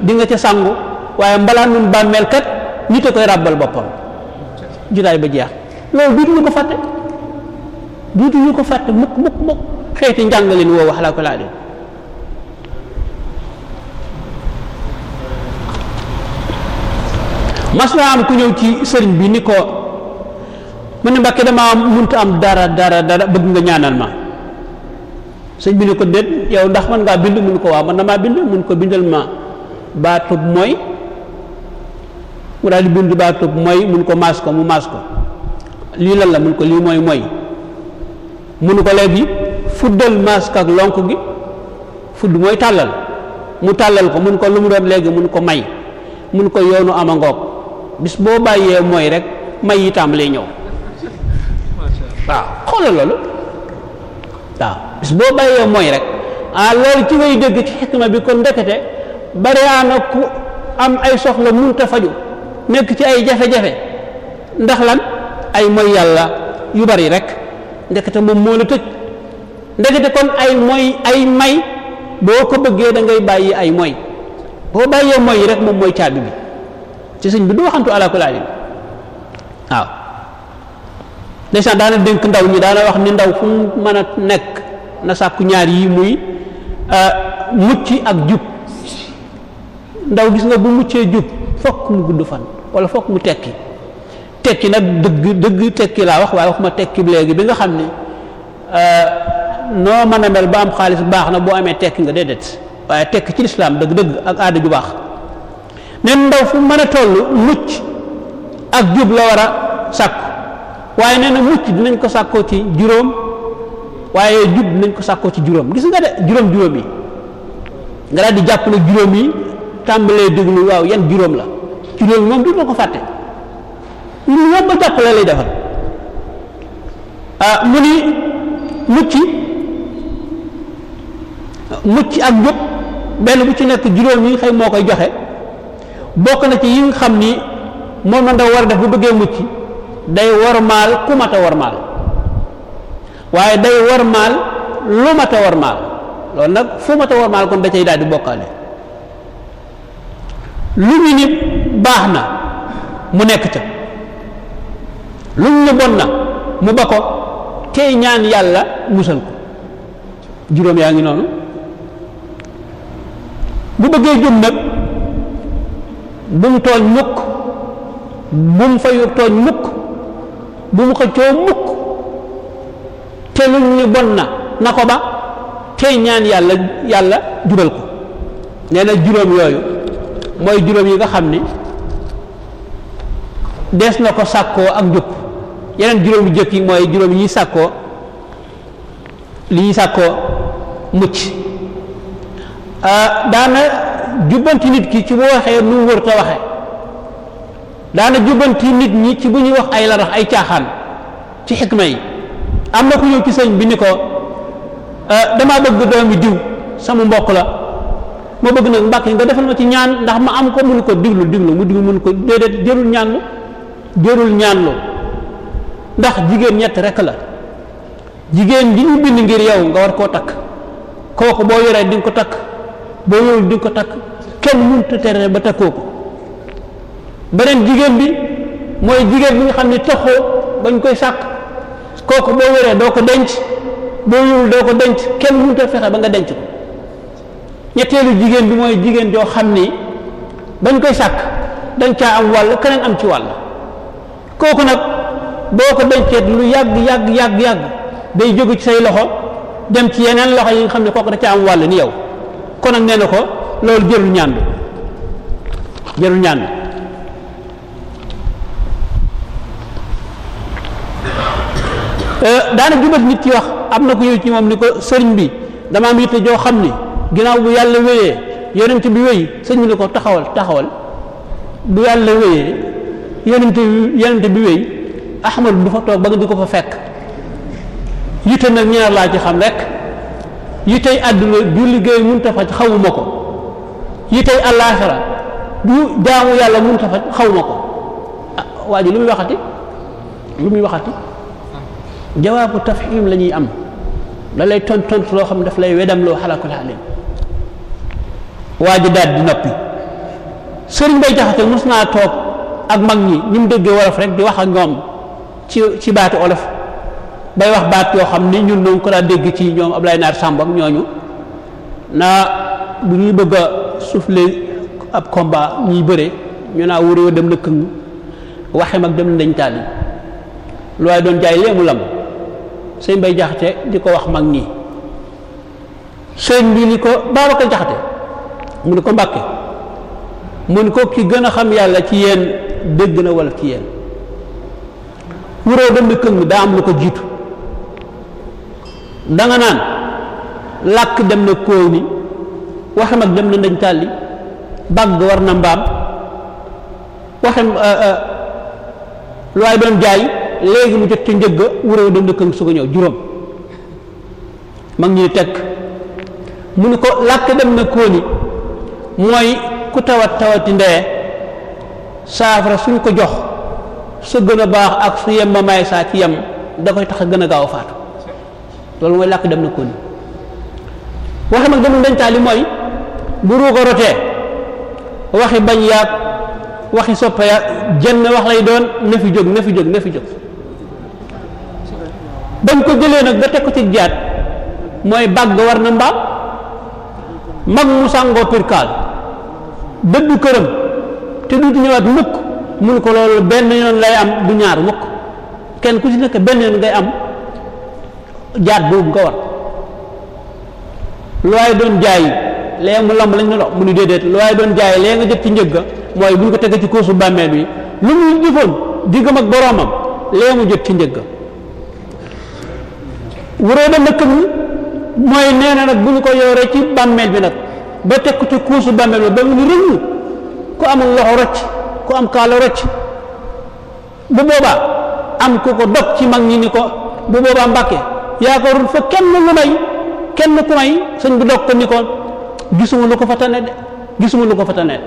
di nga ca sàngu waaye mbalaanum bàmmeel kat nit a koy ràbbal boppam jutaay ba jeex loolu duutuñu ko fàtte duutuñu ko fàtte mukk mukk mukk xeeti njàngaleen woo wax laa ko laa dem mas am ku ñëw ci sëriñ bi ni ko mu ne Mbàkke damaa munta am dara dara dara bëgg nga ñaanal ma sëñ bi ne ko déet yow ndax mën ngaa bind mun ko waaw man damaa bind mun ko bindal ma baatub mooy mu daal di bind baatub mooy mun ko maas ko mu maas ko lii lan la mun ko lii mooy mooy munu ko léegi fuddal mask ak lonk gi fudd mooy tàllal mu tàllal ko mun ko lu mu doon léegi mun ko may mun ko yoonu ama ngoog bis boo bàyyee mooy rek may yi tàmbalee ñëw waaw xoolal loolu waaw bis boo bàyyee mooy rek ah loolu ci ngay dégg ci xikma bi kon ndekete bari na ku am ay soxla munta faju nekk ci ay jafe-jafe ndax lan ay mooy yàlla yu bari rek ndekete moom moo la tëj ndekete kon ay mooy ay may boo ko bëggee da ngay bàyyi ay mooy boo bàyyee mooy rek moom mooy caabi bi ci sëñ bi du waxantu ala kulli haalin waaw ndeysaan daana dénk ndaw ñi daana wax ni ndaw fu mu mën a nekk na sàkku ñaar yi muy euh, mucc ak jub ndaw gis nga bu muccee jub fokk mu gudd fan wala fokk mu tekki tekki nag dëgg dëgg tekki laa wax waaye waxuma tekki léegi bi nga xam ne euh, noo mën a mel ba am xaalis baax na boo amee tekki nga déedéet waaye tekki ci lislaam dëgg-dëgg ak aada ju baax neen ndaw fu mën a toll mucc ak jub la war a sàkku waaye nee na mucc dinañ ko sàkkoo ci juróom waaye jub dinañ ko sàkkoo ci juróom gis nga de juróom juróom yi nga daal di jàpp ne juróom yi tàmbalee déglu waaw yan juróom la juróom moom du ko fàtte lu lay defal ah mu ni mucc mucc ak jub benn bu ci nekk juróom yi xëy moo koy joxe bokk na ci yi nga xam ni moom la nga war a def bu bëggee mucc day warmaal ku mat a waaye day warmaal lu mat a loolu nag fu mat a kon da cay daal di bokkaale lu ñu nit baax na mu nekk ca lu ñu ni bon na mu ba ko tey ñaan yàlla musal ko juróom yaa ngi noonu bu bëggee jum nag bu mu tooñ mukk bu mu fayu tooñ mukk bu mu xëccoo mukk te lu ñu bon na na ko ba tey ñaan yàlla yàlla jural ko nee na juróom yooyu mooy juróom yi nga xam ni des na ko sàkkoo ak njub yeneen juróom yu jëkk yi mooy juróom yi ñuy sàkkoo li ñuy sàkkoo mucc ah, daana jubbanti nit ki ci bu waxee lu mu wër ta waxe daana jubbanti nit ñi ci bu ñuy wax ay larax ay caaxaan ci xikma yi am na ku ñëw ci sëñ bi ni ko euh, damaa bëgg doomi diw sama mbokk la ma bëgg nag mbàkk yi nga defal ma ci ñaan ndax ma am ko mun ko diglu diglu mu diglu mun ko déedéet jërul ñaan lu jërul ñaan lu ndax jigéen ñett rekk la jigéen ji ñu bind ngir yow nga war koo takk kooku boo yoree di ko takk boo yooyu di ko takk kenn mënut a tere ba takkoo ko beneen jigéen bi mooy jigéen bi nga xam ne taxoo bañ koy sàkk kooku boo wéree doo ko denc boo yowul doo ko denc kenn mënut a fexe ba nga denc ko ñetteelu jigéen bi mooy jigéen joo xam ni bañ koy sàkk dañ caa am wàll keneen am ci wàll kooku nag boo ko denceet lu yàgg yàgg yàgg yàgg day jóge ci say loxo dem ci yeneen loxo yi nga xam ne kooku da ca am wàll ni yow kon nag nee na ko loolu jërul ñaandu jërul ñaandu euh, daana jubal nit ci wax am na ko yow ci moom ni ko sëriñ bi dama am yitte joo xam ni ginnaaw bu yàlla wéyee yenent bi wéy sëñ bi ko taxawal taxawal bu yàlla wéyee yonent yonent bi wéy ahmad du fa toog ba nga di ko fa fekk yitte nag ñaar laa ci xam rek yi tey du liggéey mënut a faj xawuma ko yi tey àllaaxira du jaamu yàlla mënut a faj xawuma ko ah waa ji lu muy waxati lu muy waxati jawaabu tafhim la ñuy am la lay tont loo xam daf lay wedam loo xalakul alim waa ji daal di noppi sëriñ bay jaxate mos naa toog ak mag ñi ñu mu déggee wolof rek di wax ak ñoom ci ci baatu olof bay wax baat yoo xam ni ñun ñoo ko daan dégg ci ñoom Ablaye Naar Samb ak ñooñu naa bu ñuy bëgg a ab combat ñuy bëre ñu naa wóoree dem na këng mag dem nañ taal waaye doon jaay léemu lam sëñ di ko wax mag ñi sëñ bi ni ko Babacar jaxate mu ni ko mbàkke ko ki gën xam yàlla ci yéen dégg wala ci yéen wuroo dem na këng daa am lu ko jiitu da nga naan làkk dem na kóow ni waxam ak dem na ndañ tàlli bàgg war na mbaam waxam euh, euh, lu waay doon jaay léegi mu jot ci njëgg wuréw dem na këng su ko ñëw juróom mag ñuy teg mu ne ko làkk dem na kóow ni mooy ku tawat tawati ndee saafara suñ ko jox sa gën a baax ak su yem ba may saa ci yem da koy tax a gën a gaaw a faatu loolu mooy làkk dem na kóoni waxe mag demul mbentaan li mooy bu ruuga rotee waxi bañ yaag waxi soppa yaag jenn wax lay doon na fi jóg na fi jóg na fi jóg bañ ko jëlee nag ba teg ko ci jaat mooy bàgg war na mbaam mag mu sàngoo pirkaal dëddu këram te du ñëwaat mukk mun ko loolu benn yoon lay am du ñaar mukk kenn ku ci nekk benn yoon ngay am jaat boobu nga war lu waaye doon jaay lee mu lamb lañ ne dox mu ni déedéet lu waaye doon jaay léegi nga jot ci njëgga mooy ko tegee bi lu mu jëfoon diggam ci njëgga wuroo da mooy nag bu ñu ko yooree bi nag teg ci koosu bàmmeel bi ba mu ni rëññ ku amul loxo rocc ku am kaala rocc bu boobaa am ku ko dog ci mag ñi ni ko bu boobaa mbàkke yaakaarul fa kenn lu may kenn ku may sëñ bi dog ko ni gisuma lu ko fa de gisuma lu ko fa tane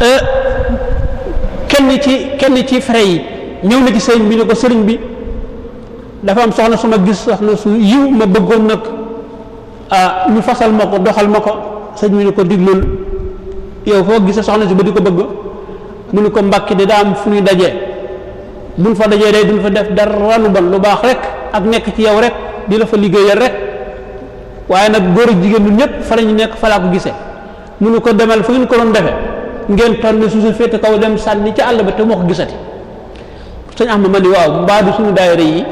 euh, kenn ci kenn ci frais ñëw na ci sëriñ bi ni ko sëriñ bi dafa am soxna su gis soxna su yiw ma bëggoon nag Ah, ñu fasal ma ko doxal ma ko sëñ mu ni ko diglul yow foo gis soxna si ba di ko bëgg mu ni ko mbàkki de daa fu ñuy dajee buñ fa dajee day duñ fa def dara lu bon lu baax rek ak nekk ci yow rek di la fa liggéeyal rek waaye nag góor ak jigéen ñun ñëpp fa la ñu nekk fa laa ko gisee mu ni ko demal fu ngeen ko doon defee ngeen tonne suuf si féete kaw dem sànni ca àll ba te ko gisati sëñ Ahmad ma waaw mbaa du suñu daayira yi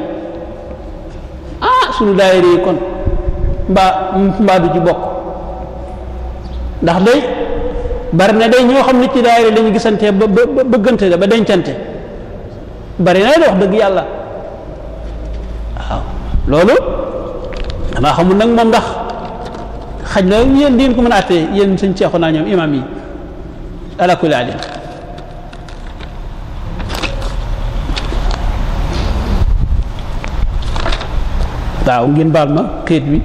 ah suñu daayira yi kon. mbaa mbaa du ci bokk ndax day bari na day ñoo xam ne ci daayira lañu gisante ba ba bëggante la ba dencante bari na wax dëgg yàlla waaw loolu damaa xamul nag moom ndax xaj na yéen diin ko mën a àttee yéen sëñ ceexu naa ñoom imaam yi ala alim waaw ngeen baal ma xeet bi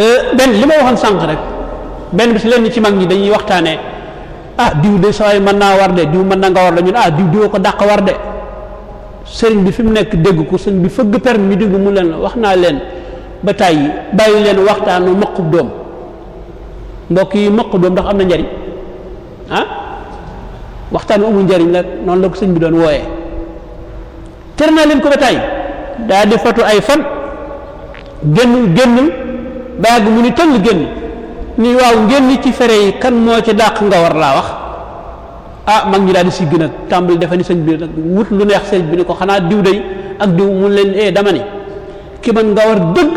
Euh, benn li ma waxoon sànq rek benn bi si leen ci mag ñi dañuy waxtaanee ah diw de saa yi mën naa war de diw mën na nga war de ñun ah diw diwoo ko dàq war de sëriñ bi fi mu nekk dégg ko sëriñ bi fëgg permi mi dégg mu leen wax naa leen ba tàyyi bàyyi leen waxtaanu mokk doom mbokk yi mokk doom ndax am na njariñ ah waxtaanu amul njariñ la noonu la ko sëriñ bi doon wooyee tere naa leen ko ba tàyyi daa di ay fan génn génnul ba yàgg mu ni tëll génn ni waaw ngeen ci fere yi kan moo ci dàq nga war laa wax ah mag ñi daan di si gën a tàmbali dafa ni sëñ bi nag wut lu neex sëñ bi ni ko xanaa diw day ak diw mun leen eh dama ni ki man nga war dëgg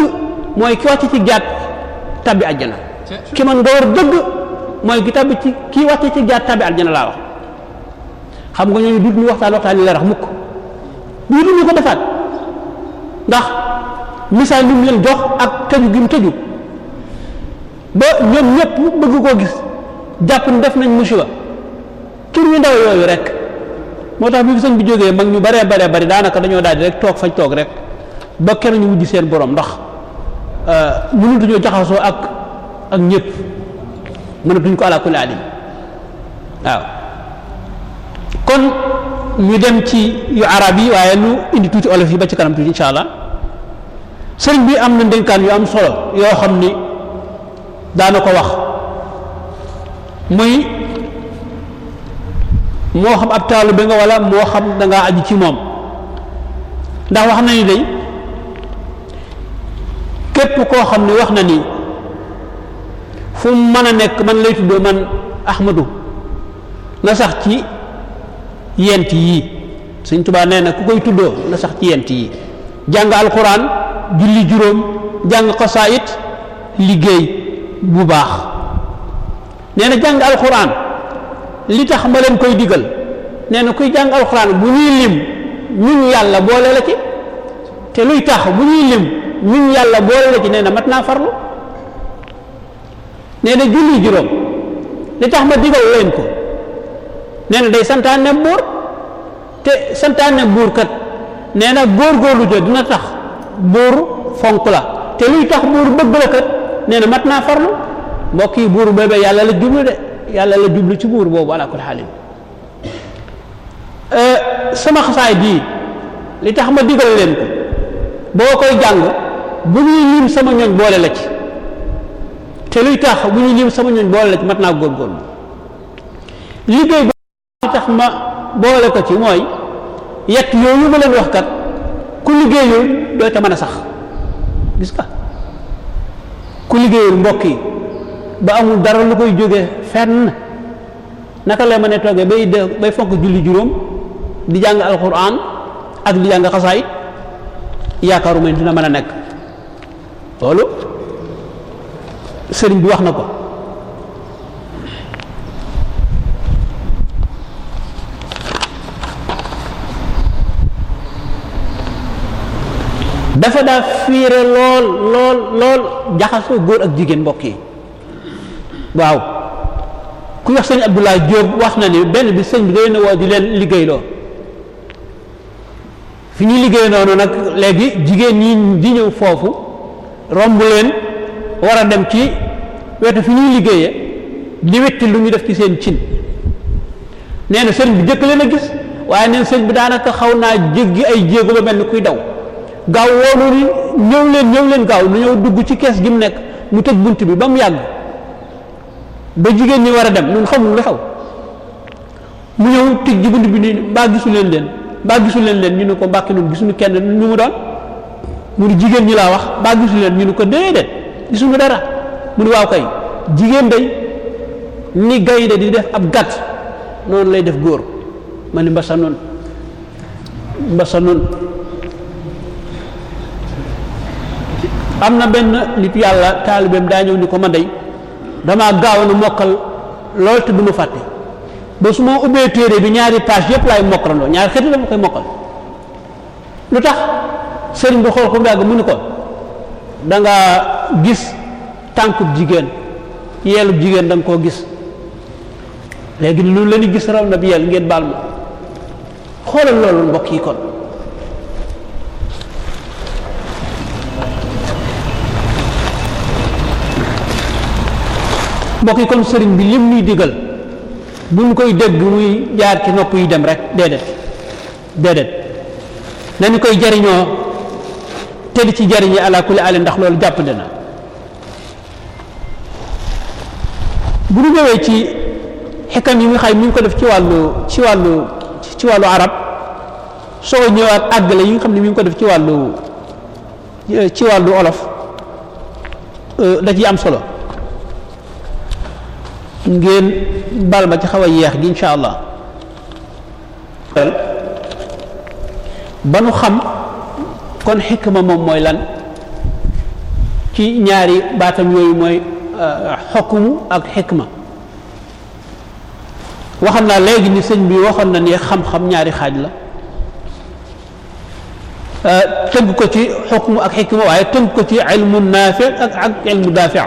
mooy ki wàcce ci jaat tabbi àjjana ki man nga war mooy ki ci kii wàcce ci jaat tabbi àjjana laa wax xam nga ñooñu duut ñu waxtaan waxtaan yi la rax mukk duutu ñu ko defaat ndax misaal li mu leen jox ak tëju gi mu tëju ba ñoom ñëpp bëgg koo gis jàpp ni def nañ musiba tur yu ndaw yooyu rek moo tax bi fi sëñ bi jógee mag ñu baree bare bari daanaka dañoo daal di rek toog fañ toog rek ba kenn ñu wujj seen borom ndax euh, mënatuñoo jaxasoo ak ak ñëpp mënatuñ ko ala kulli alim waaw kon ñu dem ci yu arab yi waaye nu indi tuuti olof yi ba ci kanam tuuti incha allah sëriñ bi am na ndénkaan yu am solo yoo xam ni daana ko wax muy moo xam ab taalu bi nga wala moo xam da ngaa aju ci moom ndax wax na nañu day képp koo xam ne wax na ni fu mën a nekk man lay tuddoo man Ahmadu na sax ci yent yii Sëñ Tuubaa nee na ku koy tuddoo na sax ci yent yii jàng alquran julli juróom jàng xasaayit liggéey bu baax nee na jàng alxuraan li tax ma leen koy digal nee na kuy jàng alxuraan bu ñuy lim ñun yàlla boole la ci te luy tax bu ñuy lim ñun yàlla boole la ci nee na mat naa farlu nee na julli juróom li tax ma digal leen ko nee na day santaane buur te santaane buur kat nee na góorgóorlu jo dina tax buur fonk la te luy tax buur bëgg la kat nee na mat naa farlu mbokk yi buur boobu yàlla la jublu de yàlla la jublu ci buur boobu ala kulli xaalim euh, sama xasaay bii li tax ma digal leen ko boo koy jàng bu ñuy lim sama ñooñ boole la ci te luy tax bu ñuy lim sama ñooñ boole la ci mat naa góorgóorlu liggéey boo tax ma boole ko ci mooy yett yooyu ma leen wax kat ku liggéeyul dooy mën a sax gis ku liggéeyul mbokk yi ba amul dara lu koy jóge fenn naka lay mën a toogee bay de bay fonk julli juróom di jàng alquran ak di jàng xasaayit yaakaaru ma dina mën a nekk loolu sëriñ bi wax na ko dafa daa fiire lool lool lool jaxasoo góor ak jigéen mbokk yi waaw ku wax sëñ Abdoulaye Diop wax na ni benn bi sëñ bi day na woo di leen liggéeyloo fi ñuy liggéey noonu nag léegi jigéen ñi di ñëw foofu romb leen war a dem ci wetu fi ñuy liggéeye di wetti lu ñu def ci seen cin nee na sëñ bi jëkk leen a gis waaye neen sëñ bi daanaka xaw naa jéggi ay jéego ba mel ni kuy daw gaaw woonu ni ñëw leen ñëw leen gaaw na ñëw dugg ci kees gi mu nekk mu tëj bunt bi ba mu yàgg ba jigéen ñi war a dem ñun xamul lu xew mu ñëw tëj ji bunt bi nii mbaa gisu leen leen mbaa leen leen ñu ne ko mbàkki noonu gisuñu kenn ñu mu doon mu ni jigéen ñi laa wax mbaa gisu leen ñu ni ko déedéet gisuñu dara mu ni waaw kay jigéen day ni gaynde di def ab gàtt noonu lay def góor ma ni mbasa noonu mbasa noonu am na benn nit yàlla taalibeem daa ñëw ni ko ma day damaa gaaw na mokkal lool te du ma fàtte ba su ma ubbee téere bi ñaari page yëpp laay mokkalandoo ñaari xeeti dama koy mokkal lu tax sëriñ bi xool ko mu yàgg mu ni ko da gis tànkub jigéen yeelub jigéen da koo gis léegi lu leen gis raw na bi yel ngeen baal ma xoolal loolu mbokk yi kon mbokk yi kon sëriñ bi lim ñuy digal buñ koy dégg muy jaar ci nopp yi dem rek déedéet déedéet nañu koy jariñoo te ci jariñ ala kulli ali ndax loolu jàppandi na bu ñu ñëwee ci xikam yi nga xam mu ngi ko def ci wàllu ci wàllu ci wàllu arab soo ñëwaat àggale yi nga xam ne mu ngi ko def ci wàllu ci wàllu olof euh, da ciy am solo ngeen bal ma ci xaw a yeex gi insha allah ba nu xam kon xikma moom mooy lan ci ñaari baatam yooyu mooy euh, xokkumu ak xikma waxoon naa léegi ni sëñ bi waxoon na ne xam-xam ñaari xaaj la euh, tënk ko ci xokkumu ak xikma waaye tënk ko ci ilmu naafi ak ak ilmu daafi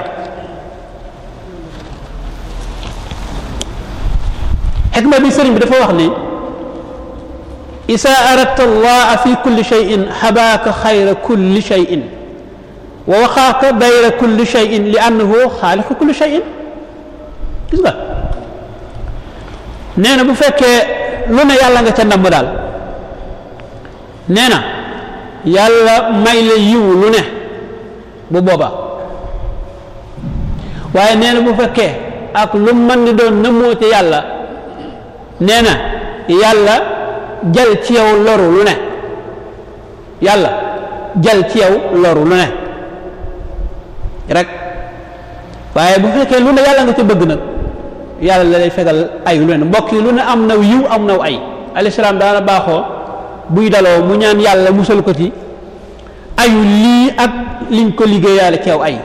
xikma bi sëriñ bi dafa wax ni isa aradta allaha fi kulli cheyin xabaaka xayra kulli cheyin wa waxaaka dayra kulli cheyin li annahu xaaliqu kulli cheyin gis na bu fekkee lu ne yàlla nga ca ndàmb daal nee na yàlla may la yiw lu ne bu booba waaye nee na bu fekke ak lu mën ni doon na moo ci yàlla nee na yàlla jal ci yow loru lu ne yàlla jal ci yow loru lu ne rek waaye bu fekkee lu ne yàlla nga ci bëgg nag yàlla la lay fegal ay lu ne mbokk yi lu ne am naw yiw am naw ay alisalaam daana baaxoo buy daloo mu ñaan yàlla musal ko ci ayu lii ak liñ ko liggéeyaale ci yow ay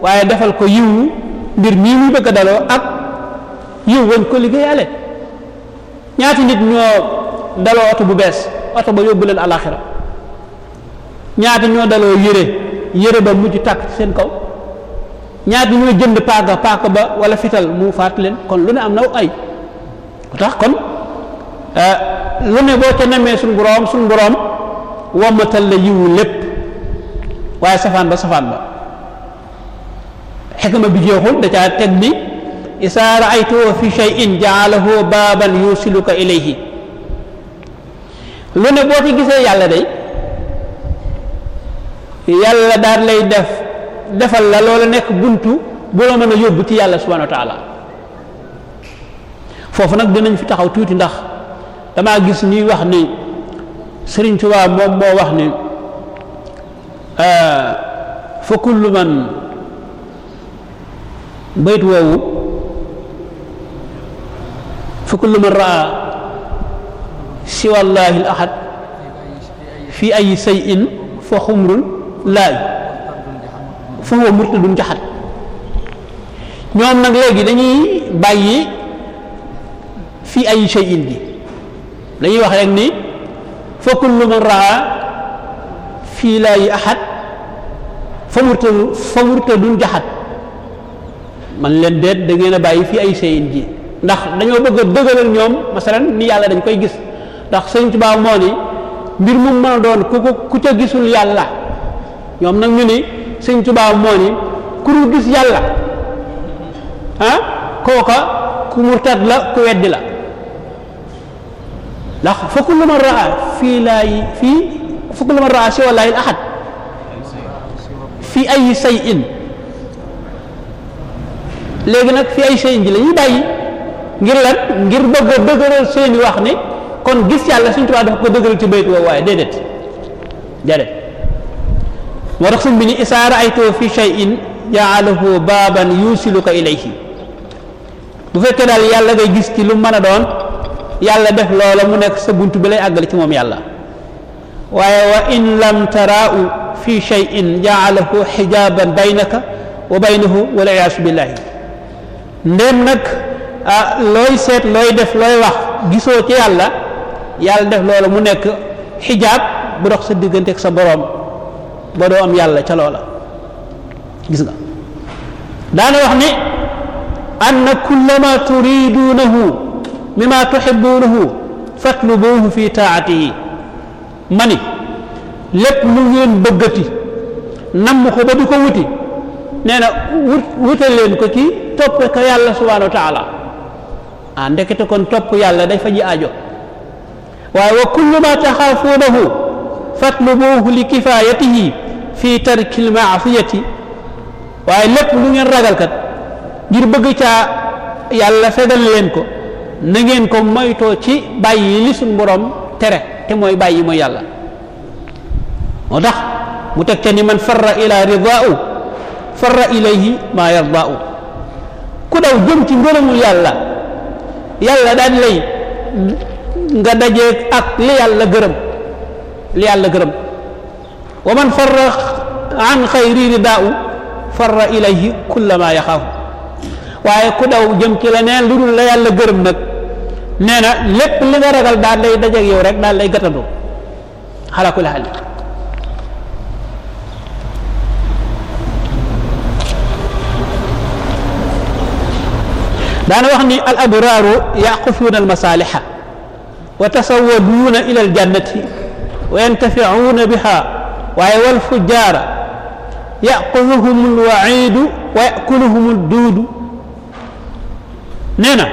waaye defal ko yiw ngir mii muy bëgg daloo ak yiw wañ ko liggéeyaale ñaata nit ñoo daloo oto bu bees oto ba yóbbu leen alaxira ñaata ñoo daloo yére yére ba mujj tàkk ci seen kaw ñaata ñoo jënd paaka paaka ba wala fital mu faat leen kon lu ne am na ay tax kon euh, lu ne boo ca nemee suñu boroom suñu boroom wammatal la yiwu lépp waaye safaan ba safaan ba xekma bi jeexul da caa teg ni isaa raaytuhu fi shay'in jaalahu baaban yusiluka ilayhi lu ne boo ci gisee yàlla day yàlla daal lay def defal la loola nekk bunt bu la mën a yóbbu ci yàlla subhanahu wa foofu nag dinañ fi taxaw tuuti ndax damaa gis ñuy wax ni Sëriñ Tuubaa moom moo wax ni fa kullu man bayt woowu fa kullu man raa siwallaahi l ahad fii ay say in fa xumrun laay fa huwa murtadun jaxat ñoom nag léegi dañuy bàyyi fii ay say in dañuy wax rek ni fa kullu man raa fii laayi ahad fa murtadu fa murtadun jaxat man leen déet da ngeen bàyyi fii ay say in ji ndax dañoo bëgg a dëgëral ñoom masalan ni yàlla dañ koy gis ndax sëñ Tuubaa moo ni mbir mu mën a doon ku ko ku ca gisul yàlla ñoom nag ñu ni sëñ Tuubaa moo ni ku dul gis yàlla ah kooka ku murtad la ku weddi la ndax fa kullu man raa fii laay fii fa kullu man raa siwa laahil ahad fii ay say in léegi nag fii ay say in ji la bàyyi ngir lan ngir bëgg a dëgëral wax ni kon gis yàlla suñ tubaab ko dëgëral ci bayt waaye déedéet déedéet moo tax suñ bi ni isaa raaytoo fi shay'in jaalahu baaban yusiluka ilayhi bu fekkee daal yàlla ngay gis ci lu mën a doon yàlla def loola mu nekk sa bunt bi lay àggale ci moom yàlla waaye wa in lam taraahu fi shay'in jaalahu xijaaban baynaka wa baynahu wal iyaasu billahi ndéem nag ah looy seet looy def looy wax gisoo ci yàlla yàlla def loola mu nekk xijaab bu dox sa diggante ak sa boroom ba doo am yàlla ca loola gis nga daana wax ne anna kulla ma turiduunahu mimma tuhibbuunahu fatlubuuhu fi taatihi mani lépp lu ngeen bëggati namm ko ba di ko wuti nee na wut wutal ko ci topp ko yàlla subhanahu wa ah ndekete kon topp yàlla day faji ajo waaye wa kullu ma taxaafuunahu fatlubuuhu li kifaayatihi fi tarkil maasiyati waaye lépp lu ngeen ragal ngir bëgg ca yàlla fegal leen ko na ngeen ko moytoo ci bàyyi li borom tere te mooy bàyyi mooy yàlla moo tax mu teg te ni man farra ila ridaau farra ilayhi maa yardaau ku daw jëm ci ngërëmu yàlla yàlla daan lay nga dajeeg ak li yàlla gërëm li yàlla gërëm wa man farra an xayri ridaa'u farra ilayhi kulla ma yaxaafu waaye ku daw jëm ci la neen lu dul la yàlla gërëm nag nee lépp li nga ragal daan lay dajeeg yow rek daan lay gàttandoo ala kulli haal daana wax ni al abraaru yaqufuuna al masaaliha wa tasawaduuna ila al jannati wa biha waaye wal fujjaara yaquduhum al waiidu wa yakuluhum al duudu nee na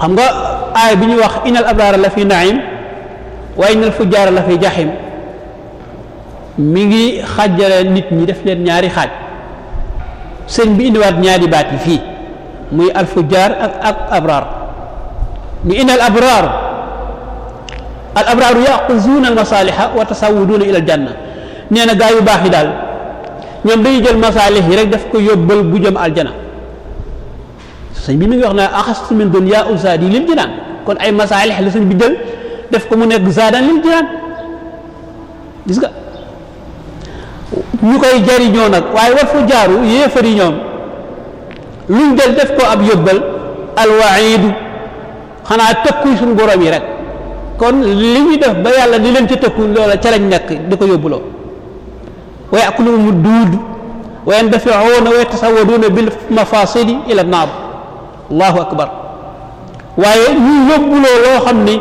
xam nga aay bi ñuy wax inal abraara la fi naim wa inal fujjaara la fi jaxim mi ngi xàjjale nit ñi def leen ñaari xaaj sëñ bi indiwaat ñaari baat yi fii muy alfujaar ak ak abraar bi inna al abraar al abraaru yaquzuuna al masaaliha wa tasawuduuna ila al janna nee na gaa yu baax yi daal ñoom dañuy jël masaalix yi rek def ko yóbbal bu jëm aljana sëñ bi mi ngi wax naa axastu min dunya usaad yi lil jinaan kon ay masaalix la sëñ bi jël def ko mu nekk zaadan lil jinaan gis nga ñu koy jariñoo nag waaye war fa jaaru ñoom luñ del def ko ab yóbbal alwaidu xanaa tëkkuy suñ borom yi rek kon li def ba yàlla di leen ca tëkku loola ca lañ nekk di ko yóbbuloo wa yakuluhumu duud wa yandafiuuna wa yatasawaduuna bil loo xam ni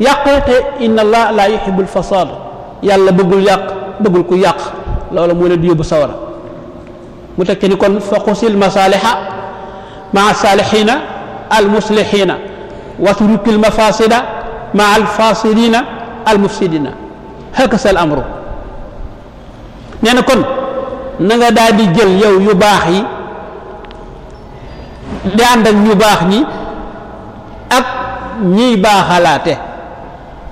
yàq te inna allah la yuhibbul fasad yàlla bëggul yàq bëggul ku yàq loola moo leen di sawara mu tekki ni kon faqusil masaliha maa salihina al muslihina watrukil mafasida maa al fasidina al mufsidina hakasa al amru nee na kon na nga daal di jël yow yu baax yi di ànd ak ñu baax ñi ak ñiy baaxalaate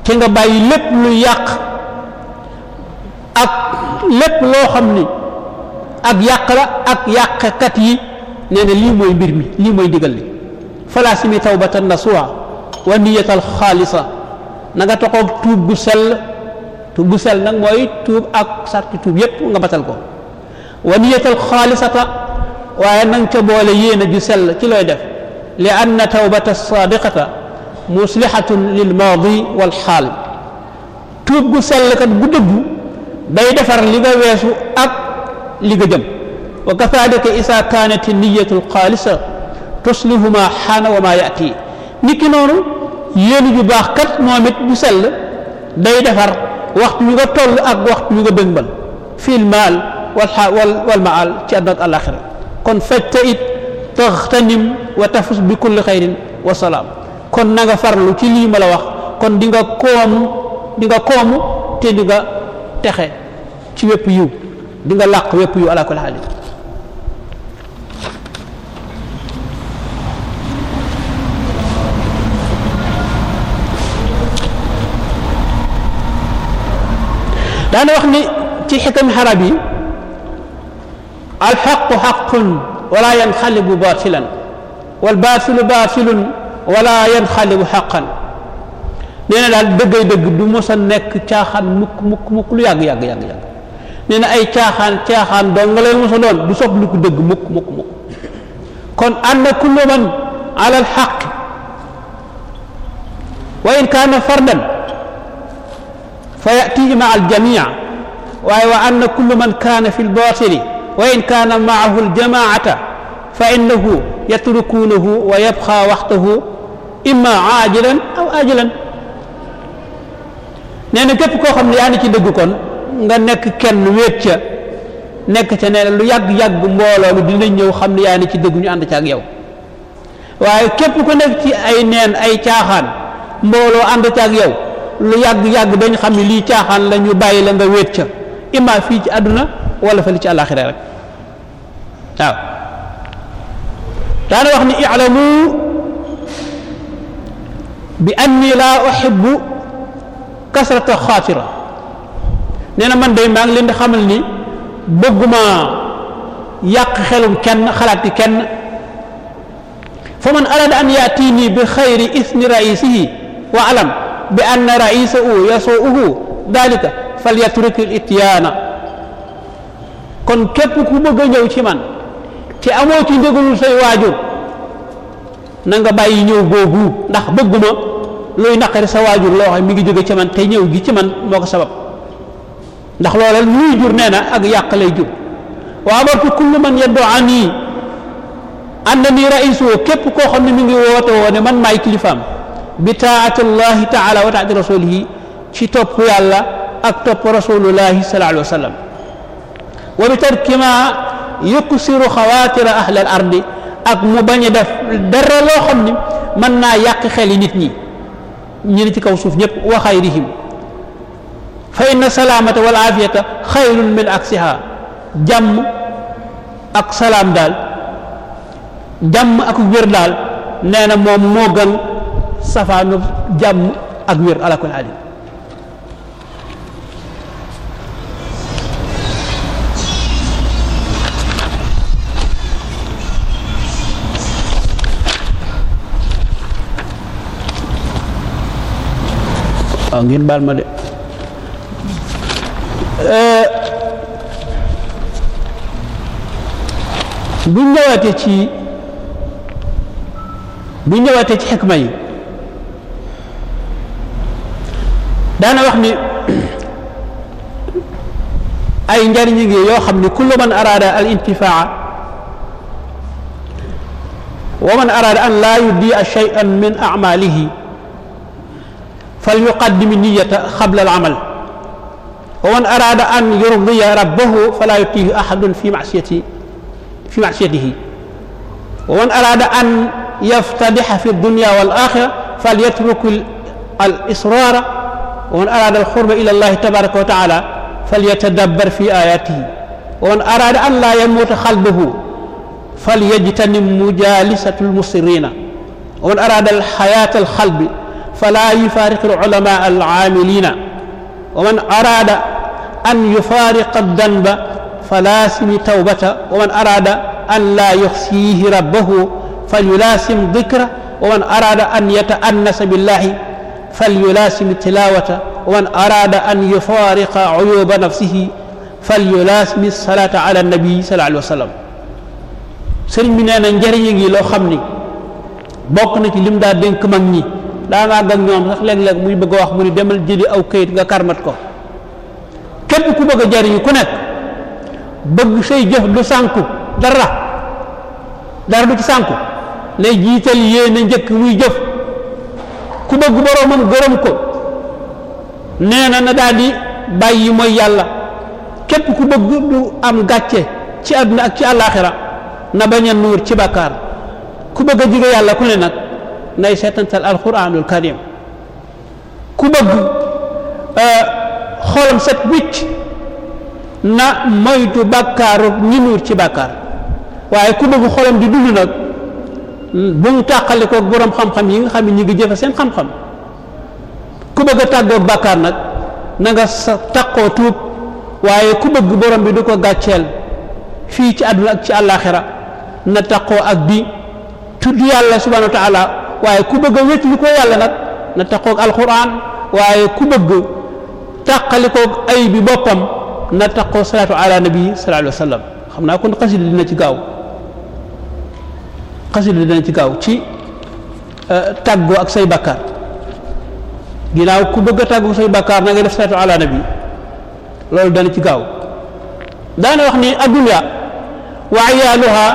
ci nga bàyyi lépp lu yàq ak lépp loo xam ni ab yàq la ak yàqkat yi nee na lii mooy mbir mi lii mooy digal li falaasimi tawbatan nasuha wa niyatal xaalisa na nga toxoog tuub gu sell tuub gu sell nag mooy tuub ak sarti tuub yépp nga batal ko wa niyatal xaalisata waaye na nga ca boole yéene ju sell ci looy def li anna tawbata saadiqata muslihatun lil maadi wal xaal tuub gu sell kat gu dëggu day defar li nga weesu ak li nga jëm wa kadalika isa kanat niyatu lxaalisa tuslihu ma xaana wa ma yati nit ki noonu yéenu ju baax kat moom it bu sell day defar waxtu wi nga toll ak waxtu wi nga dëngbal fil maal wal wal kon fajta it bi kulli xayrin wa salaam kon na farlu ci lii wax kon di nga di nga koomu te di nga texe ci wépp yiw di nga làq wépp yu ala kulli xaalin daana wax ni ci xikam xarab yi alxaqu xaqun wala yanxalibu batilan walbaatilu baatilun wala yanxalibu xaqan nee na daal dëggay dëgg du mos a nekk caaxaan mukk mukk mukk lu yàgg yàgg yàgg yàgg nee na ay caaxaan caaxaan doon nga leen mosa doon du sopp lu ko dëgg mukk mukk mukk kon ànd kullu man ala alxaq wa in kaana fardan fa yatihi maa aljamia waaye wa ann kullu man kaana fi lbatili wa in kaana maahu aljamaata fa innahu yatrukuunahu wa yabqa waxtahu imma aajilan aw ajilan nee na képp koo xam ne yaa ngi ci dëgg kon nga nekk kenn wéet ca nekk ca ne lu yàgg-yàgg mbooloo mi dinañ ñëw xam ne yaa ne ci dëgg ñu ànd ca ak yow waaye képp ku nekk ci ay neen ay caaxaan mbooloo ànd ca ak yow lu yàgg-yàgg dañ xam ne lii caaxaan la ñu bàyyi la nga wéet ca ima fii ci àdduna wala fa li ci àlaxira rek waaw daana wax ni i'lamu bi anni laa uhibbu kasrata xaatira nee na man day maa leen di xamal ni bëgguma yàq xelum kenn xalaati kenn fa man arada an yaatiini bi xayri ismi raisihi wa alam bi anna raisahu yasuuhu dalika falyatrik al ityaana kon képp ku bëgg ñëw ci man te amoo ci ndigalul say waajur na nga bàyyi ñëw googu ndax bëgguma luy naqari sa waajur loo xam mi ngi jóge ci man te ñëw gi ci man moo ko sabab ndax loola luy jur nee na ak yàq lay jur wa amartu kullu man yaddu ani anna ni raisu képp ko xam ne mi ngi woote woo ne man maay kilifaam bi taatillahi taala wa taati ci topp yàlla ak topp rasulullahi sallallahu alayhi wa sallam wa bi tarki ma yuksiru xawaatira ahlal ardi ak mu bañ a def dara loo xam ne mën naa yàq xel nit ñi ñu ci kaw suuf ñëpp wa xayrihim fa inna salaamata wal aafiyata xayrun min aksiha jàmm ak salaam daal jàmm ak wér daal nee na moom moo gën safaanu jàmm ak wér ala kulli alim ah, waaw ngeen baal ma de Euh, bu ñëwaatee ci bu ñëwaatee ci xikma yi daana wax ni <clears throat> ay njariñi ngi yoo xam ni kullu man araada al intifaa wa man araada an laa yudia shay'an min amalihi fal yuqaddim niyata qabla al amal wa man araada an yurdiya rabbahu fala yutiihu ahadun fi masiyati fi masiyatihi wa man araada an yaftadiha fi dunya wal axira falyatruk al israara wa man araada al xurba ila allahi tabaraka wa taala falyatadabbar fi ayatihi wa man araada an laa yamuuta xalbuhu falyajtanim mujalisatu lmusirina wa man araada al xayaata al xalbi fala yufariq al ulama al aamilina ومن أراد أن يفارق الذنب فلازم توبته ومن أراد أن لا يخزيه ربه فليلازم ذكره ومن أراد أن يتأنس بالله فليلازم تلاوته ومن أراد أن يفارق عيوب نفسه فليلازم الصلاة على النبي صلى الله عليه وسلم sëriñ bi nee na njëriñ ngi loo xam ni bokk na ci lim daa dénk mag ñi daana àgg ak ñoom sax léeg-léeg muy bëgg a wax mu ni demal jëli aw kayit nga karmat ko képp ku bëgg a jariñu ku nekk bëgg say jëf du sànku dara dara du ci sànku nay jiital yéene njëkk muy jëf ku bëgg boroomam gërëm ko nee na na daal bàyyi mooy yàlla képp ku bëgg du am gàcce ci àdduna ak ci àllaaxira na bañ a nuur ci bàkkaar ku bëgg a jige yàlla ku ne nag nay seetantal alquranul karim ku bëgg xolam set wicc na moytu bàkkaaru ñi nuur ci bàkkaar waaye ku bëgg xolam di dund nag bu mu tàqale koog boroom xam-xam yi nga xam ne ñu ngi jëfe seen xam-xam ku bëgg a tàggoog bàkkaar nag na nga sa taqoo tuub waaye ku bëgg borom bi du ko gàcceel fii ci àdduna ak ci àllaaxira na taqoo ak bi tudd yàlla subhaanahu wa waaye ku bëgg a wétli ko yàlla nag na taqoog alquran waaye ku bëgg tàqalikoog ay bi boppam na taqoo salaatu ala nabi xam naa kon xasida dina ci gaaw xasida dina ci gaaw ci euh, tàggoo ak say bakkaar ginnaaw ku bëgg a tàggoo say def salaatu ala nabi loolu dana ci gaaw daana wax ni adduna wa ayaaluha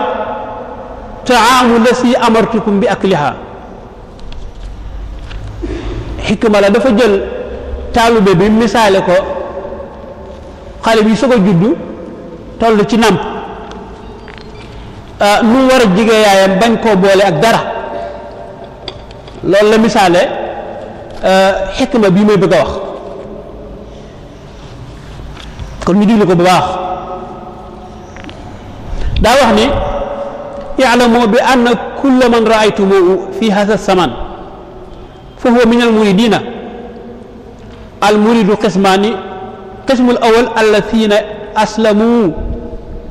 taamu la si amartukum bi akliha xikma la dafa jël taalube bi misaale ko xale bi soog a juddu toll ci nàmp nu ah, mu war a jige yaayam bañ koo boole ak dara loolu la misaale xikma ah, bii may bëgg a wax kon ñu diglu ko bu baax daa wax ni i'lamu bi anna kulla man ra'aytumuhu fi hadha zaman fa huwa min almuridina almuridu qismaani qismul awal alladina aslamu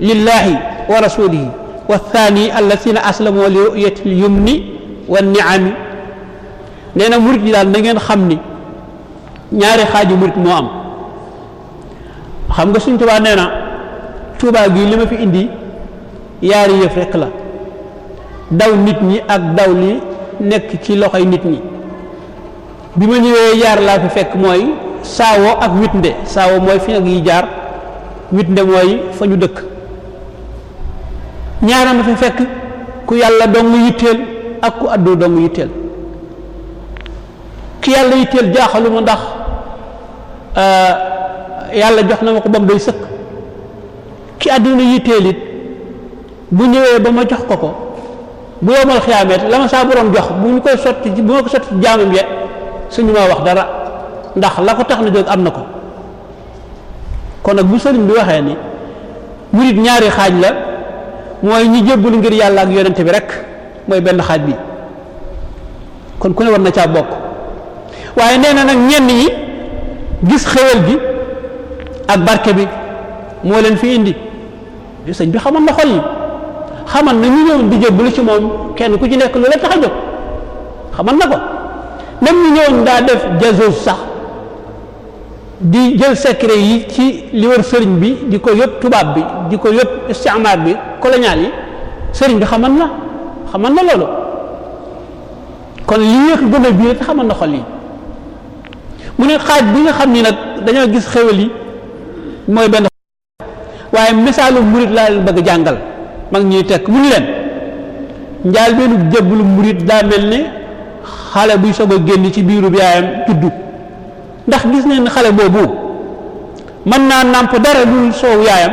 lillahi wa rasulihi والثاني الذين أسلموا لرؤية اليمن والنعم nee na murit yi daal na xam ni ñaari xaaju murit moo am xam nga suñ tubaa nee na tubaa gi li ma fi indi yaari yëf rekk la daw nit ñi ak daw li nekk ci loxoy nit ñi bi ma ñëwee yaar laa fi fekk mooy saawo ak witnde saawo mooy fi nag yi jaar witnde mooy fa ñu dëkk ñaara ma fekk ku yàlla dong yitteel ak ku àdduna dong yitteel ki yàlla yitteel jaaxalu ma ndax euh, yàlla jox na ma ko ba mu doy sëkk ki àdduna yitteel it bu ñëwee ba ma jox ko ko bu yomal xiyaamee la saa borom jox bu ñu koy sotti bu ma ko sotti jaamam ye suñu maa wax dara ndax la ko tax na jóg am na ko kon nag bu sëriñ bi waxee ni murit ñaari xaaj la mooy ñi jébbalu ngir yàlla ak yonent bi rek mooy benn xaaj bi kon ku ne war na caa bokk waaye nee na nag ñenn yi gis xéwal bi ak barke bi moo leen fi indi sëñ bi xamoon na xol yi xaman na ñu ñëw di jébbalu ci moom kenn ku ci nekk lu la tax a jóg xaman na ko même ñu ñëwoon daa def jasus sax di jël secret yi ci li sëriñ bi di ko yóbbu tubaab bi di ko yóbbu istimaar bi colonial yi sëriñ bi xaman na xaman na loolu kon li yéex gën a biir te xaman na xol yi mu ne xaaj bi nga xam ni nag dañoo gis xéwal yi mooy benn waaye misaalu murit laa leen bëgg jàngal mag ñuy tekk mu ñu leen njaal benn jëbblu murit daa mel ne xale buy soog a génn ci biiru yaayam juddu ndax gis neen xale boobu mën naa nàmp dara lu soow yaayam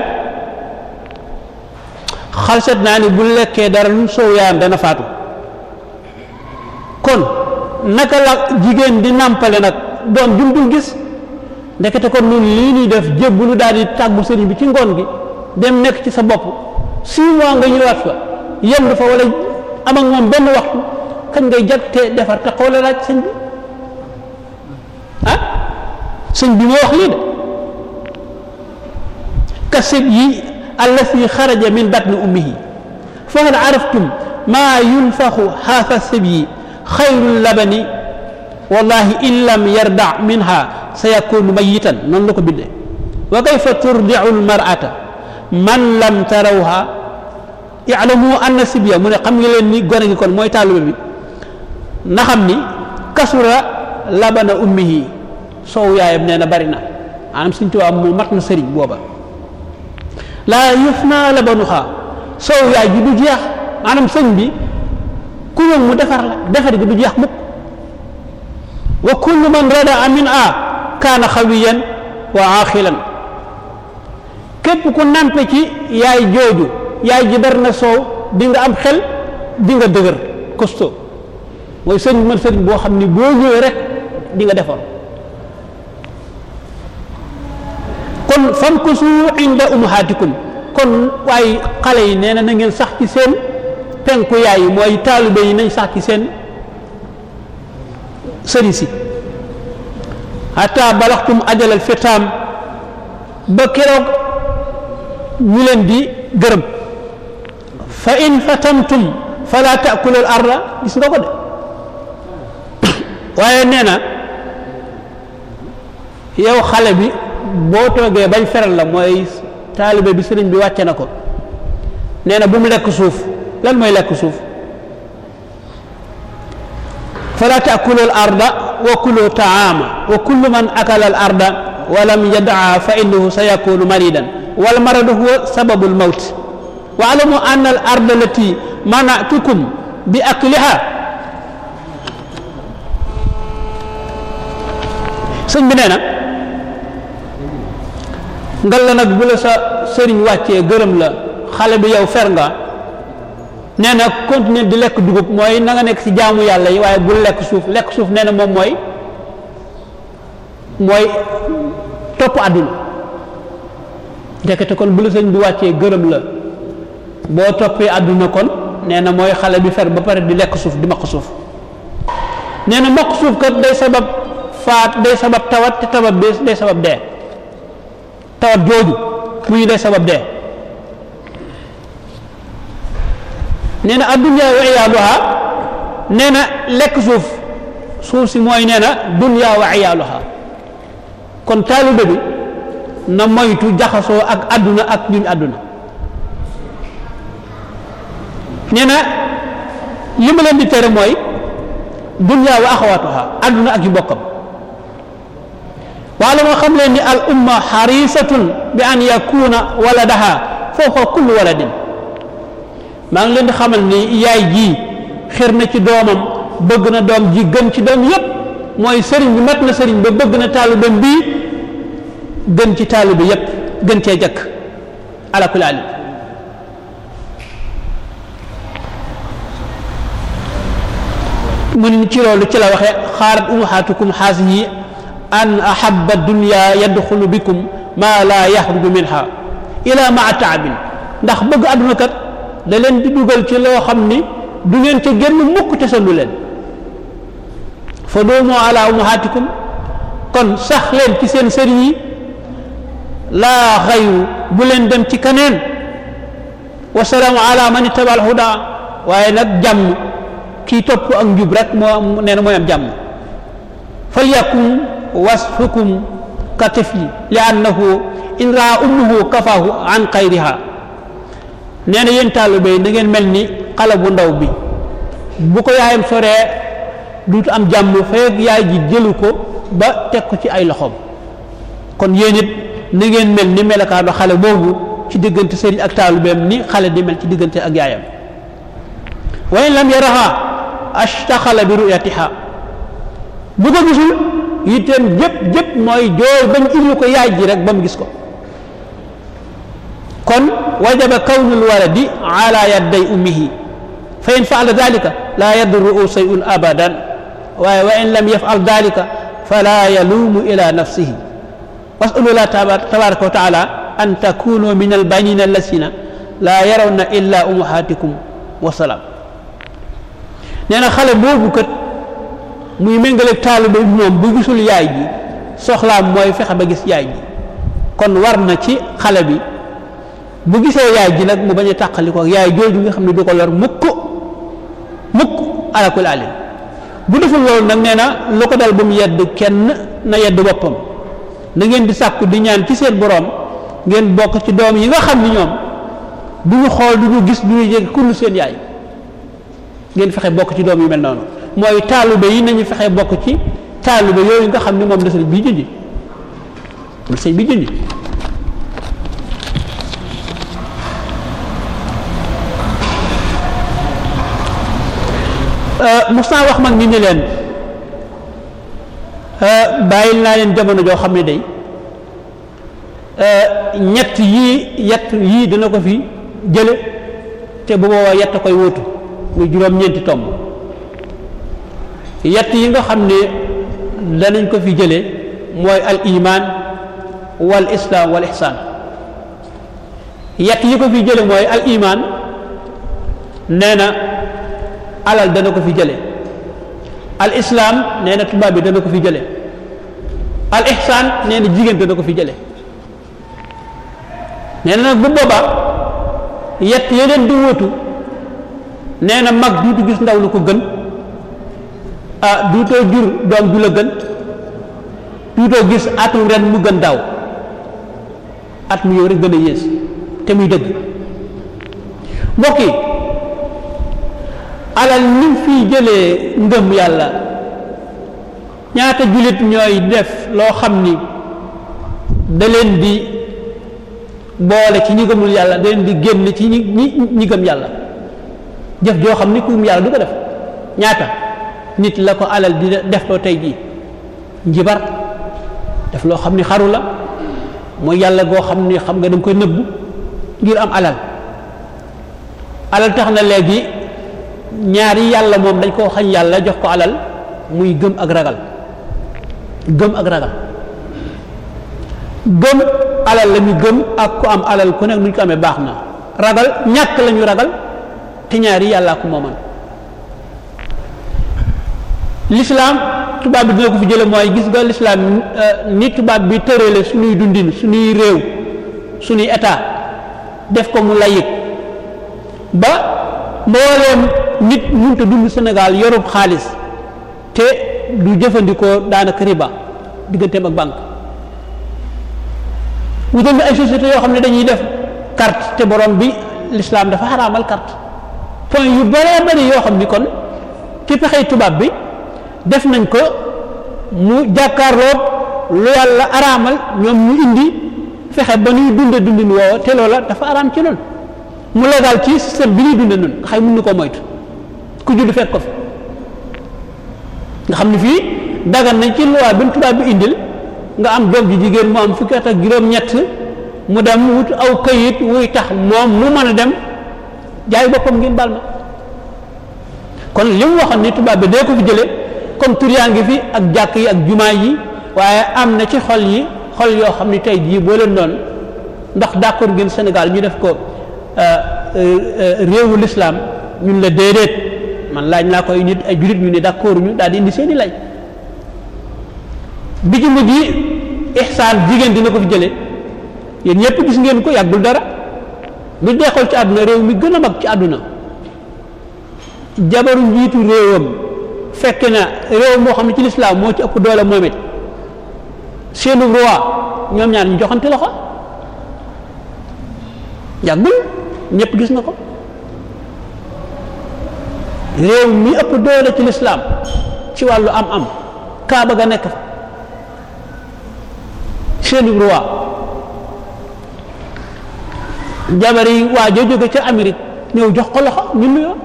xalset naa ni bu lekkee dara lu soow yaayam dana faatu kon naka la jigéen di nàmpale nag doon jum dul gis ndekete kon nun lii ñuy def jébbalu daal di tàggu sëriñ bi ci ngoon gi dem nekk ci sa bopp six mois nga ñëwaat fa yem dafa wala am moom benn waxtu kañ ngay jag te defar te xoola laaj sëñ bi ah sëñ bi moo wax lii de kasib yi allati xaraja min batni ummihi fa hal araftum maa yunfaxu xaafa sibyi xayru labani wallahi in lam yarda minha sayakunu mayitan noonu la ko bindee wa kayfa turdicu almarata man lam tarawha yalamu anna sibya mu ne xam nga leen ni gone gi kon mooy taalube bi na ni kasura labana ummihi soow yaayam nee na bari na maanaam suñ tubaab mu mat na sëriñ booba laa yufna labanu xaa soow yaay ji du jeex maanaam sëñ bi ku ñëw mu defar la defar gi du jeex mukk wa kullu man rada amin a kaana xawiyan wa aaxilan képp ku nampe ci yaay jooju yaay ji bari na soow di am xel di nga dëgër costaud mooy sëriñ man sëriñ boo xam ni boo ñëwee rek di nga defar kon fankusu inda umahatikum kon waaye xale yi nee na na ngeen sax ci seen penku yaay yi mooy taalibe yi nañ sax ci seen sëriñ si hatta balaxtum ajalal fitaam ba keroog ñu leen di gërëm fa in fatamtum fala taakulu arda gis nga waaye nee na yow xale bi boo toogee bañ feral la mooy taalibe bi sëriñ bi wàcce na ko nee na bu mu lekk suuf lan mooy lekk suuf fala taakulu al arda wa kulu taama wa kullu man akala al arda wa lam yadaa fa innahu sa yakunu maridan wal maradu huwa sababu al mawt wa alamu anna al arda lati manatukum bi akliha sëñ bi nee na ngal la nag bu la sa sëriñ wàccee gërëm la xale bi yow fer nga nee nag continuer di lekk dugub mooy na nekk ci jaamu yàlla yi waaye bul lekk suuf lekk suuf nee na moom mooy mooy topp àdduna ndekete kon bu la sëñ bi wàccee gërëm la boo toppee àdduna kon nee na mooy xale bi fer ba pare di lekk suuf di maq suuf nee na maq suuf kat day sabab faat day sabab tawat te tawat bi day sabab dee tawat jooju muy day sabab dee nee na addunya wa iyaaluha nee na lekk suuf suuf si mooy nee na dunya wa iyaaluha kon taalibe bi na moytu jaxasoo ak àdduna ak ñun àdduna nee na li ma leen di tere mooy dunya wa axawaatuha àdduna ak yu bokkam waalama xam leen ni al umma xarisatun bi an yakuna waladaha foofa kullu waladin maa ngi leen di xamal ni yaay ji xir na ci doomam bëgg na doom ji gën ci doom yépp mooy sëriñ bi mat sëriñ ba bëgg na taalibeem bii gën ci taalibe yépp gën cee jëkk ala kulli alim mun ci loolu ci la waxe xaarat umuhaatukum xaas yi an ahaba dunya yadxulu bikum ma la yaxruju minha ila maa taabin ndax bëgg àdduna kat da leen di dugal ci loo xam ni du ngeen ca génn mukk te sandu leen fa doomu ala umahatikum kon sax ci seen sëriñ yi laa xayu bu leen dem ci kaneen wasalaamu ala man ittaba al waaye nag jàmm kii topp ak njub rek moo nee na mooy am jàmm fal yakun wasfukum ka tifli li annahu in raa ummuhu kafahu an xayriha nee na yéen taalibe yi mel ni xale bu ndaw bi bu ko yaayam soree duutu am jàmm feeg yaay ji jëlu ko ba teg ko ci ay loxoom kon yéen it na ngeen mel ni melokaanu xale boobu ci diggante sëriñ ak taalibeem ni xale di mel ci diggante ak yaayam wa in lam yaraha ashtaxala bi ruyatiha bu ko gisul yitteem jëpp jëpp mooy jooy bañ iblu ko yaay ji rek ba mu gis ko kon wajaba kawnul waladi ala yadday ummihi fa in faala dalika laa yadurruhu shay'un abadan waaye wa in lam yafal dalika fala yaluumu ila nafsihi wasalullah tabaraka wa taala an takunu min albanina allasina laa yarawna illa umahatikum wasalaam nee na xale boobu kat muy méngaleeg taalibe bi moom bu gisul yaay ji soxlaam mooy fexe ba gis yaay ji kon war na ci xale bi bu gisee yaay ji nag mu bañ a tàqali ko yaay jooju nga xam ne du ko lor mukk mukk alakul alim bu deful nag nee na lu ko dal ba mu yedd kenn na yedd boppam na ngeen di sàkku di ñaan ci seen boroom ngeen bokk ci doom yi nga xam ni ñoom du ñu xool du ñu gis du ñu jég kullu seen yaay ngeen fexe bokk ci doom yi mel noonu mooy taalibe yi nañu fexe bokk ci taalibe yooyu nga xam ne moom la bi junj la euh, wax mag ñi ni leen euh, bàyyil naa leen jamono joo xam ne day euh, ñett yii yett yii dina ko fi jële te bu boobaa yett koy wóotu muy juróom-ñeenti tomb yett yi nga xam ne danañ ko fi jëlee mooy al iman wal islam wal ihsan yett yi ko fi jële mooy al iman nee na alal dana ko fi jële al islam nee na tubaab bi dana ko fi jële al ihsan nee na jigéen dana ko fi jële nee na nag bu boobaa yett yeneen di wóotu nee na mag duutu gis ndaw lu ko gën ah duutoo jur doom ju la gën duutoo gis atum ren mu gën daaw at mu yow rek gën a yées te muy dëgg mbokk yi alal ni fiy jëlee ngëm yàlla ñaata jullit ñooy def loo xam ni daleen di boole ci ñi gëmul yàlla da di génn ci ñi ñi ñi gëm yàlla jëf joo xam ni ku yàlla du ko def ñaata nit la ko alal di def loo tey jii njibar def loo xam ni xaru la mooy yàlla goo xam ni xam nga da nga koy nëbbu ngir am alal alal tax na léegi ñaari yàlla moom dañ koo xañ yàlla jox ko alal muy gëm ak ragal gëm ak ragal gëm alal la ñu gëm ak ku am alal ku nekk nu ko amee baax na ragal ñàkk la ñu ragal te ñaari yàllaa ko mooman l'islam tubaab bi dina ko fi jële mooy gis nga l'islam euh, ni tubaab bi tërale suñuy dundin suñuy réew suñuy état def ko mu layit ba mbooleem nit mënta dund Sénégal yorub xaalis te du jëfandikoo daanaka riba digganteem ak banque wutal ñu ay société yoo xam ne dañuy def carte te borom bi lislaam dafa xaraamal carte point yu bare yoo xam ni kon ci pexey tubaab bi def nañ ko mu jàkkaarloog lu yàlla araamal ñoom ñu indi fexe ba ñuy dunde dundin woowa te loola dafa araam ci noonu mu daal ci système bi ñuy dunde noonu nga mun na ko moytu ku judd fekk ko fi xam ne fii dagan nañ ci loi bi tubaab bi indil nga am doom ji jigéen mu am fukki at ak juróom-ñett mu dem wut aw kayit wuy tax moom mu mën a dem jaay boppam ngeen baal ma kon li mu waxoon ni tubaab bi dee ko fi jëlee comme tur yaa ngi fi ak jàkk yi ak jumaa yi waaye am na ci xol yi xol yoo xam ne tey jii boo leen doon ndax d'accord ngeen senegal ñu def ko euh, euh, euh, réewu l'islam ñun la déedéet man laaj naa koy nit ay jullit ñu ne d'accord ñu daal di indi seeni lay bi ci mujj ihsaan jigéen dina ko fi jëlee yéen ñëpp gis ngeen ko yàggul dara lu dee xool ci àdduna réew mi gën a mag ci àdduna jabaru njiitu réewam fekk na réew moo xam ne ci lislaam moo ci ëpp doole moom it seenu roi ñoom ñaar ñu joxante loxo yàggul ñëpp gis na ko réew mi ëpp doole ci lislaam ci wàllu am-am kaaba ga nekk fa seenu roi jabar yi waa joo jóge ca Amérique ñëw jox ko loxo ñu nuyoo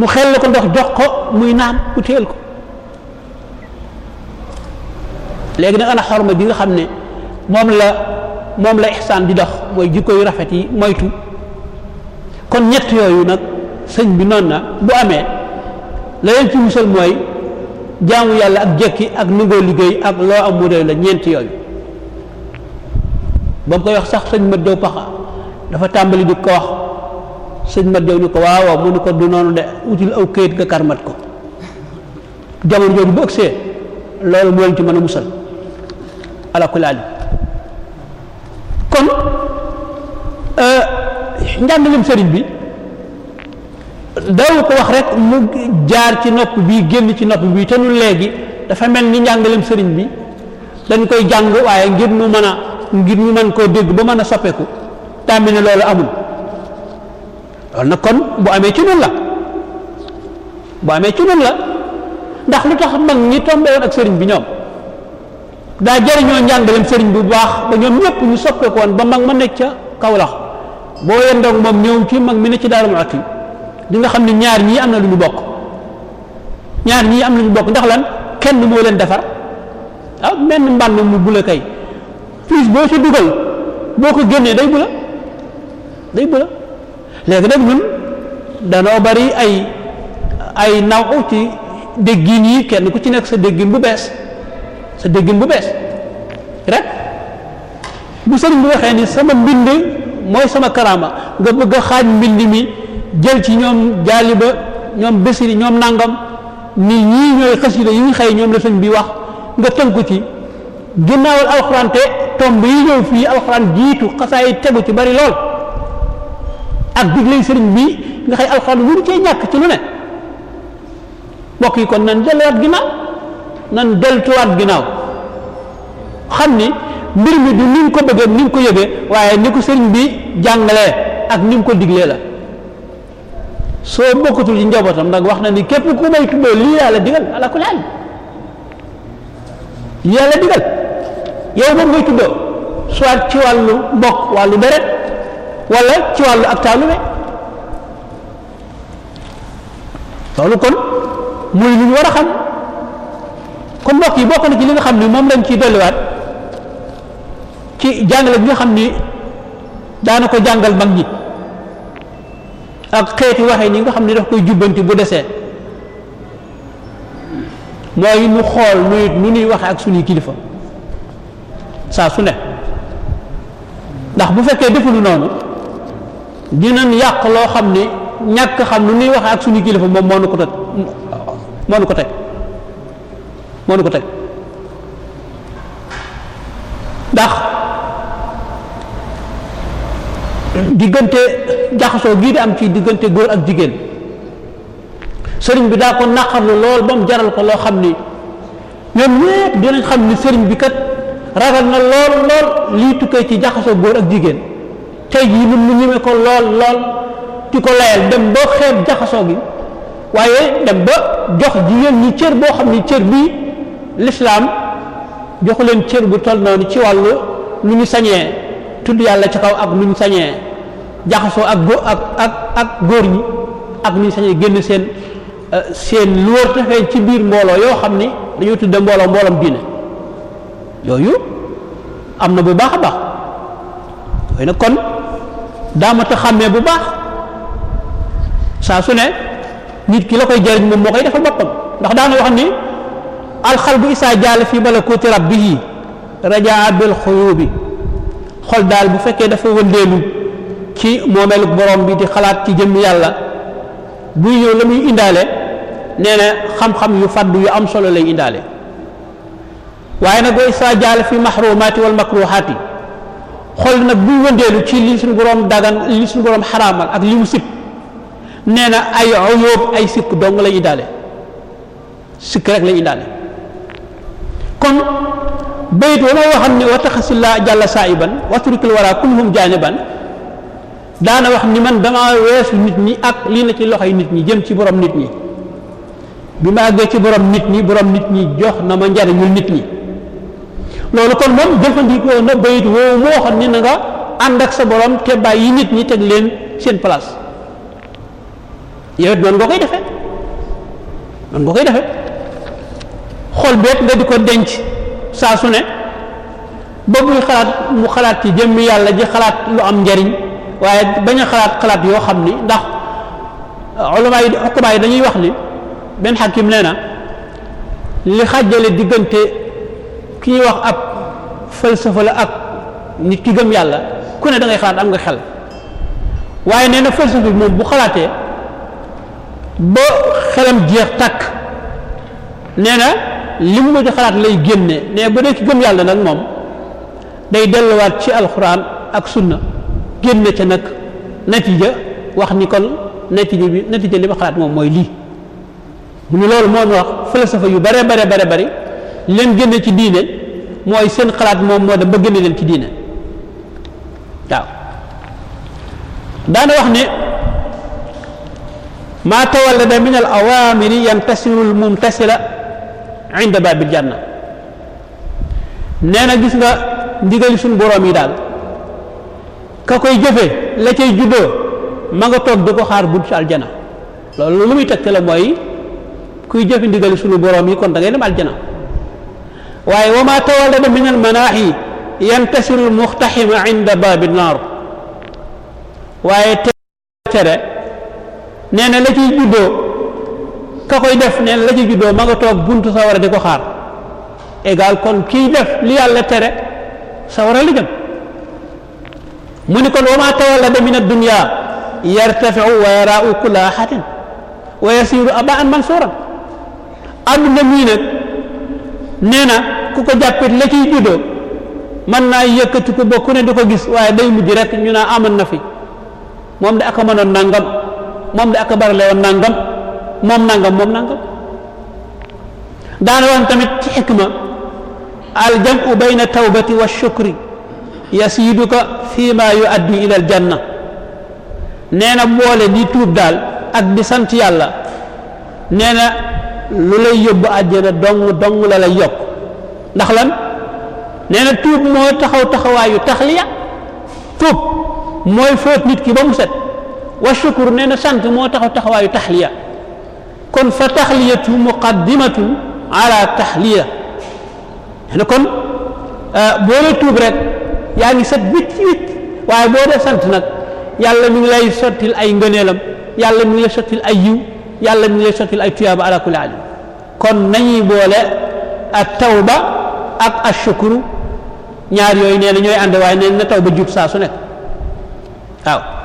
mu xel ko ndox jox ko muy naan mu ko léegi nag ana xorma bi nga xam ne moom la moom la ihsaan di dox mooy jikko yu rafet yi moytu kon ñett yooyu nag sëñ bi noon na bu amee la leen ci musal mooy jaamu yàlla ak jekki ak nangoo liggéey ak loo am mu la ñeent yooyu ba mu koy wax sax sëñ ma dow paxa dafa tàmbali di ko wax sëñ mat jaw ni ko waaw mu ni ko du noonu de util aw këyit nga karmat ko jamono jooju bu ëgsee loolu moo leen ci mën a musal ala kulli alim kon euh, njàngalim sëriñ bi daawu ko wax rek mu jaar ci nopp bi génn ci nopp bi te nu léegi dafa mel ni njàngalim sëriñ bi dañ koy jàng waaye ngir mu mën a ngir mu mën koo dégg ba mën a soppeeku tàmmi ne loolu amul loolu na kon bu amee ci noonu la bu amee ci noonu la ndax lu tax mag ñi tombé woon ak sëriñ bi ñoom daa jëriñoo njàngaleem sëriñ bu baax ba ñoom ñëpp ñu ba mag ma nekk ca Kawlax boo yendoog moom ñëw ci mag mi ne ci Daaru Muxti di nga xam ne ñaar ñii am na lu ñu bokk ñaar ñii am na lu ñu bokk ndax lan kenn moo leen defar ah menn mbànn mu bula kay plus boo ci dugal boo ko génnee day bula day bula léegi nag ñun danoo bari ay ay naw ci déggin yi kenn ku ci nekk sa déggin bu bees sa déggin bu bees rek bu sëriñ bi waxee ni sama mbind mooy sama karaama nga bëgg xaaj mbind mi jël ci ñoom jaaliba ñoom besiri ñoom nangam ni ñii ñooy xasida yi ñu xëy ñoom la sëñ bi wax nga tënku ci ginnaawal alxuraan te tomb yi ñëw fii alxuraan jiitu xasaa tegu ci bari lool ak digley sëriñ bi nga xëy alxuraan wuru cee ñàkk ci lu ne mbokk yi kon nan delluwaat ginnaaw nan deltuwaat ginnaaw xam ni mbir mi du ni ko bëggee ni ko yëgee waaye ni ko sëriñ bi jàngalee ak ni mu ko digle la soo bokkatul ci njabootam nag wax na ni képp ku may tuddoo lii yàlla digal ala ku laal yàlla digal yow moom ngay tuddoo soit ci wàllu mbokk wàllu deret wala ci wàllu ak taalube loolu kon muy lu ñu war a xam kon mbokk yi bokk na ci li nga xam ni moom lañ ciy dolliwaat ci jàngale bi nga xam ni daana jàngal mag ñi ak xeeti waxee ni nga xam ni daf koy jubbanti bu desee mooy nu xool nuyut nu nuy waxe ak sunuy kilifa saa su ne ndax bu fekkee lu noonu dinañ yàq loo xam ne ñàkk xam nu ñuy waxee ak suñu kilifa moom moo nu ko teg moo nu ko teg moo ko teg ndax diggante jaxasoo gii di am ci diggante góor ak jigéen sëriñ bi daa ko naqarlu lool ba mu jaral ko loo xam ni ñoom ñépp dinañ xam ni sëriñ bi kat ragal na lool lool lii tukkee ci jaxasoo góor ak jigéen tey jii ñun ñu ñeme ko lool lool di ko layal dem ba xeeb jaxasoo gi waaye dem ba jox jigéen ñi cër boo xam ni cër bii lislaam joxu leen cër bu toll noonu ci wàllu nu ñu sañee tudd yàlla ci kaw ak nu ñu sañee jaxasoo ak ak ak ak góor ñi ak nu ñu sañee génn seen euh, seen lu war tafee ci biir mbooloo yoo xam ni dañoo tudde mbooloo mbooloom diine yooyu am na bu baax a baax yooyu nag kon daamata mat bu baax saa su ne nit ki la koy jëriñ moom moo koy defal boppam ndax daana wax ni alxalbu isaa jaale fi malakuti rabbihi rajaa bil bi xol daal bu fekkee dafa wëndeelu ci moomeelu borom bi di xalaat ci jëmm yàlla buy ñëw la muy indaale nee na xam-xam yu fàdd yu am solo lay indaale waaye nag boo isaa jaale fi maxrumaati wal makruhaati xol nag buy wëndeelu ci li suñu borom dagan li suñu borom xaraamal ak li mu sib nee na ay ayóob ay sikk dong lay indaale sikk rek lay indaale kon bayit wa may waxam ne wa taxasila jàlla saayiban waturikil wara kulhum jaaniban daana wax ni man damaa weesu nit ñi ak lii na ci loxoy nit ñi jëm ci borom nit ñi bi ma àggee ci borom nit ñi borom nit ñi jox na ma njariñul nit ñi loolu kon moom jëfandikoo na bayit woowu moo xam ni nga ànd ak sa borom te bàyyi nit ñi teg leen seen place yow it noonu nga koy defee noonu nga koy defe xol beet nga di ko denc saa su ne ba muy xalaat mu xalaat ci jëmm yàlla ji xalaat lu am njariñ waaye bañ a xalaat xalaat yoo xam ni ndax ulama yi xukumaa yi dañuy wax ni benn xakim nee na li xàjjale diggante ki ñuy wax ab falsafa la ak nit ki gëm yàlla ku ne da xalaat am nga xel waaye nee na falsafa bi moom bu xalaatee ba xelam jeex tàkk nee na li mu mujj xalaat lay génne ne ba dee ki gëm yàlla nag moom day delluwaat ci alxuraan ak sunna génne ca nag natija wax ni kon natija bi natija li ma xalaat moom mooy lii mu ne loolu moo ñu wax falsafa yu bare bare bare bari li leen génne ci diine mooy seen xalaat moom moo dem ba génne leen ci diine waaw daana wax ne maa tawallada min al awamiri yantasiru l mumtasila inda babil janna nee na gis nga ndigali suñ boroom yi daal ka koy jëfe la cay juddoo ma nga toog di ko xaar buntu aljana loolu lu muy tegte la mooy kuy jëfe ndigali suñu boroom yi kon da ngay dem aljana waaye wa ma tawallada min almanaahi yantasiru almuxtaxima inda baabi naar waaye tere nee na la ciy juddoo ka koy def nee na la ciy juddoo ma nga toog buntu sawara di ko xaar égal kon kiy def li yàlla tere sawara la jëm mu ni kon wa ma tawallada min addunya yartafiu wa yaraau kulla ahadin wa yasiru abaan mansuran adduna mii nag nee na ku ko jàppit la ciy juddoo mën naa yëkkati ko ba ne du ko gis waaye day mujj rek ñu naa amoon na fi moom de aka mënoon nangam moom de aka barale woon nangam moom nangam moom nangam daana woon tamit ci xikma aljamu bayna tawbati wa shukri yasiiduka fi ma yuaddi ila aljanna nee na boole di tuub daal ak di sant yàlla nee na lu lay yóbbu àjjana dong dong la lay yokk ndax lan nee na tuub mooy taxaw taxawaayu taxliya tuub mooy fóot nit ki ba mu set wa shukur nee na sant moo taxaw taxawaayu taxliya kon fa taxliyatu muqaddimatu ala taxliya nee na kon euh, boo dee tuub rek yaa ngi set wicc wicc waaye boo dee sant nag yàlla mu ngi lay sottil ay ngëneelam yàlla mu ngi lay sottil ay yiw yàlla mi ngi lay sottil ay tuyaaba ala kulli alim kon nañuy boole ak tawba ak ashukuru ñaar yooyu nee na ñooy ànd waaye nee na tawba jub saa su nekk waaw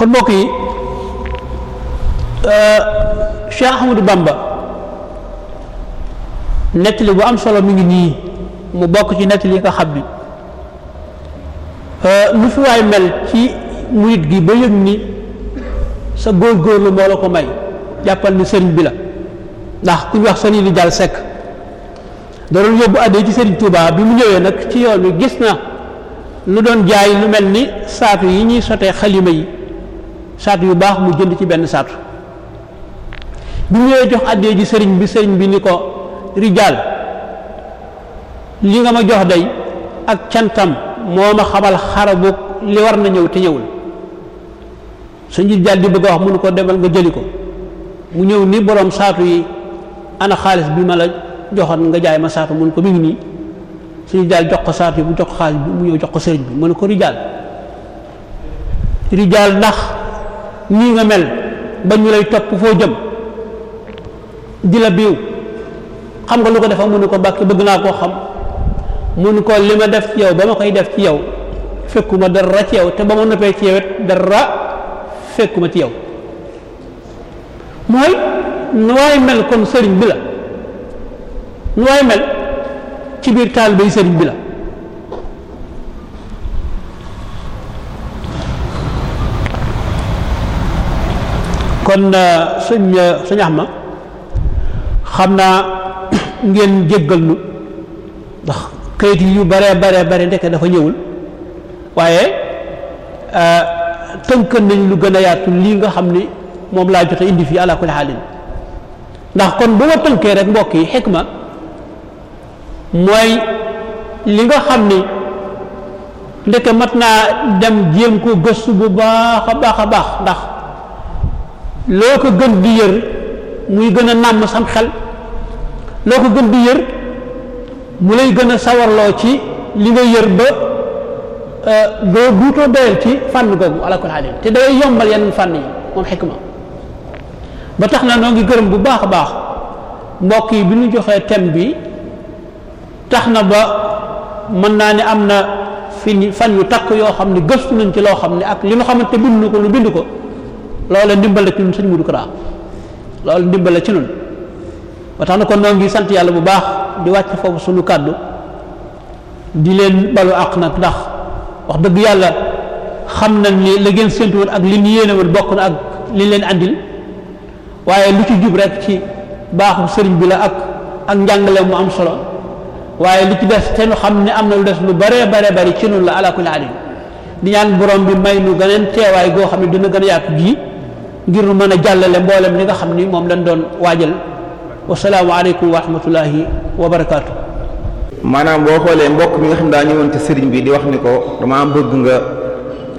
kon mbokk yi euh, Cheikh Ahmadou Bamba nettali bu am solo mi ngi nii mu bokk ci nettali nga xam bi euh, lu fi waay mel ci murit gi ba yëg ni sa góorgóorlu moo la ko may jàppal ni sëriñ bi la ndax ku ñu wax sëriñ li jàll sekk da doon yóbbu àddee ci sëriñ Touba bi mu ñëwee nag ci yoon wi gis na lu doon jaay lu mel ni saatu yi ñuy sotee xalima yi saatu yu baax mu jënd ci benn saatu bi mu ñëwee jox àddee ji sëriñ bi sëriñ bi ni ko rijaal li nga ma jox day ak cantam moo ma xamal xarabuk li war na ñëw te ñëwul suñu rijaal di bëgg a wax mënu ko demal nga jëli ko mu ñëw ni borom saatu yi ana xaalis bi ma la joxoon nga jaay ma saatu mun ko mi ngi nii suñu rijaal jox ko saatu yi mu jox ko xaalis bi mu ñëw jox ko sëriñ bi mu ne ko rijaal rijaal ndax nii nga mel ba ñu lay topp foo jëm di la biiw xam nga lu ko defa mu ne ko bàkki bëgg naa koo xam mu ko li ma def ci yow ba ma koy def ci yow fekkuma dara ci yow te ba ma noppee ci yow dara fekkuma ci yow mooy nu waay mel kon sëriñ bi la nu waay mel ci biir taal bay sëriñ bi la kon euh, sëñ euh, sëñ ma xam naa <coughs> ngeen jéggal nu ndax kayit yu bare bare bare ndeke dafa ñëwul waaye euh, tënk nañ lu gën a yaatu lii nga xam ni moom laa jot a indi fii ala kulli xaalin ndax kon bu ma tënkee rek mbokk yi xikma mooy li nga xam ni ndeke mat naa dem jéem ko gëstu bu baax a baax a baax ndax loo ko gën di yër muy gën a nàmm sam xel loo ko gën di yër mu lay gën a sawarloo ci li nga yër ba doo euh, duutoo doyal ci fànn googu ala kulli te day yombal yenn fànn yi moom xikma ba tax na noo ngi gërëm bu baax a baax mbokk yi bi ñu joxee tem bi tax na ba mën naa ni am na fi fan yu takk yoo xam ne gëstu nañ ci loo xam ne ak li nga xamante bind ko lu bind ko loolu ndimbal la ci ñun sëñ Modou Kara loola ndimbal la ci ñun ba tax na kon noo ngi sant yàlla bu baax di wàcc foofu suñu kàddu di leen balu àq nag ndax wax dëgg yàlla xam na ni la gën séntu ak li ñu yéene woon bokk na ak li leen andil waaye lu ci jub rekk ci baaxu sëriñ bi la ak ak njàngale mu am solo waaye lu ci des te nu xam ne am na lu des lu bare bare bari ci noonu la ala kulli di ñaan borom bi may nu gëneen teewaay goo xam ne dina gën a yàqu ngir mu man a jàllale mboolem li nga xam ni moom lañ doon waajal wasalaamu aleykum wa rahmatullahi wa barakaatu. maanaam boo xoolee mbokk mi nga xam daa ñëwoon ci sëriñ bi di wax ni ko damaa bëgg nga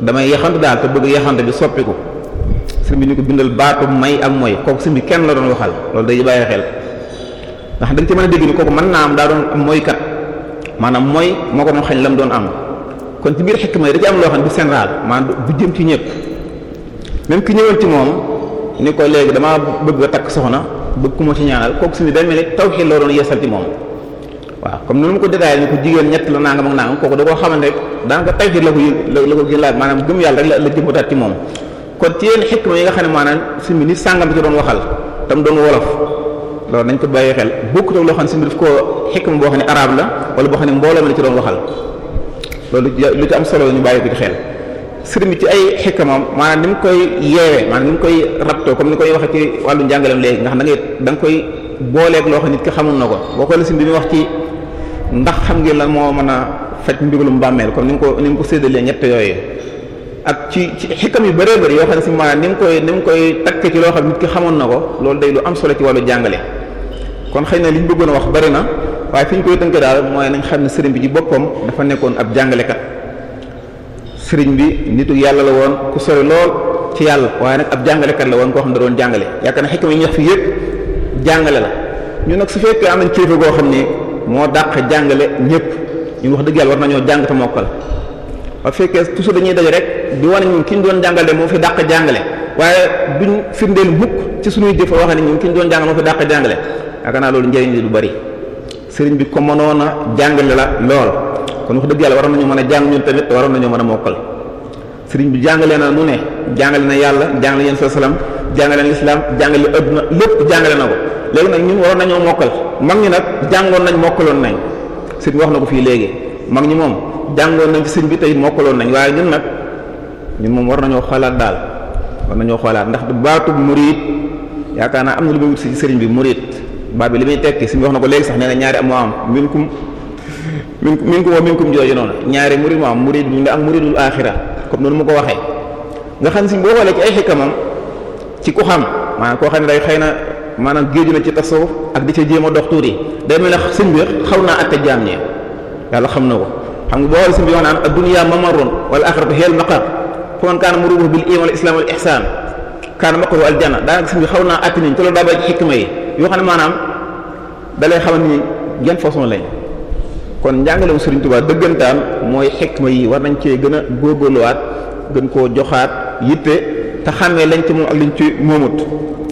damay yaxant daal bëgg yaxant bi soppiku sëriñ bi ni ko bindal baatu may ak mooy kooku sëriñ kenn la doon waxal loolu day bàyyi xel ndax dañ ci mën a dégg ni kooku mën naa am daa doon am mooykat maanaam mooy moo ko doon xañ la mu doon am kon ci biir xikma yi da ci am loo xam ne du général maanaam du jëm ci ñëpp. même ki ñëwal ci moom ni ko léegi damaa bëgg nga takk soxna bëgg ku ma ci ñaanal kooku suñu day mel ni tawxiid la doon yeesal ci moom waaw comme noonu ma ko détaillé ni ko jigéen ñett la nangam ak nangam kooku da koo xamante rek daanaka tawxiid la ko la ko gën maanaam gëm yàlla rek la la jëmbataat ci moom kon ci yenn xikma yi nga xam ne maanaam si mi ni sàngam ci doon waxal tam doon wolof loolu nañ ko bàyyi xel bokkut ak loo xam ne si ko daf koo xikma boo xam ne arab la wala boo xam ne mbooloo mi la ci doon waxal loolu lu ci am solo la ñu bàyyi ko sëriñ bi ci ay xikkamam maanaam ni mu koy yeewee maanaam ni mu koy rabtoo comme ni koy waxee ci wàllu njàngaleem léegi nga xam da ngay koy booleeg loo xam nit ki na ko boo ko lisin bi wax ci ndax xam ngeen lan moo mën a faj mbigalum bàmmeel comme ni mu ko ni ko séddalee ñett yooyu ak ci ci xikam yu bëree bëri yoo xam ne si maanaam ni mu koy ni koy takk ci loo ki xamoon na ko loolu day lu am solo ci wàllu jàngale kon xëy na li ñu bëggoon wax bëri na waaye fi ñu koy tënk daal mooy nañ xam ne sëriñ bi ci boppam dafa nekkoon ab jàngalekat sëriñ bi nitu yàlla la woon ku sori lool ci yàlla waaye nag ab jàngalekat la woon koo xam ne da doon jàngale yaakaar yëpp jàngale la ñu nag su am nañ kilifa goo xam ne moo dàq jàngale ñëpp ñu wax dëgg yàlla war nañoo jàng te mokkal bu fekkee dañuy daje rek di wane ñun ki ñu doon jàngale moo fi dàq jàngale waaye duñ firndeel mukk ci suñuy jëf wax ne ñun doon jàngale moo fi dàq jàngale yaakaar naa loolu njëriñ li du bari sëriñ bi ko mënoon a jàngale la lool kon wax dëgg yàlla waroon nañu mën a jàng ñun tamit waroon nañu mën a mokkal sëriñ bi jàngale na nu ne jàngale na yàlla jàngale yéen sa salaam jàngale na lislaam jàngale adduna lépp jàngale na ko léegi nag ñun waroon nañoo mokkal mag ñi nag jàngoon nañ mokkaloon nañ sëriñ wax na ko fii léegi mag ñi moom jàngoon nañ ci sëriñ bi tey mokkaloon nañ waaye ñun nag ñun moom war nañoo xoolaat daal war nañoo xoolaat ndax baatub murid yaakaar naa am na lu muy wut ci sëriñ bi murid baat bi li muy tekki sëriñ wax na ko léegi sax nee ñaari am am min min ko woo min kum jooju noonu ñaari murid mu am murid bi ak muridul axira comme noonu ma ko waxee nga xam si boo xoolee ci ay xikamam ci ku xam maanaam koo xam day xëy na maanaam géeju na ci tasawuf ak di ca jéem a dox tuuti day mel ne sëñ bi xaw naa atte jaam ñi yàlla xam na ko xam nga boo xoolee bi naan ad-dunya mamarun wal axiratu hiyal maqar fa man kaana murubu bil iman wal islam wal ihsan kaana maqaru al janna xaw naa atte nañ te loolu daa bay ci xikma yoo xam ne maanaam dalay xamal ni gen façon lañ kon sëriñ Serigne Touba dëggantaan mooy xekk ma yi war nañ cee gën a góorgóorluwaat gën koo joxaat yitte te xàmmee lañ ci moom ak liñ ci moomut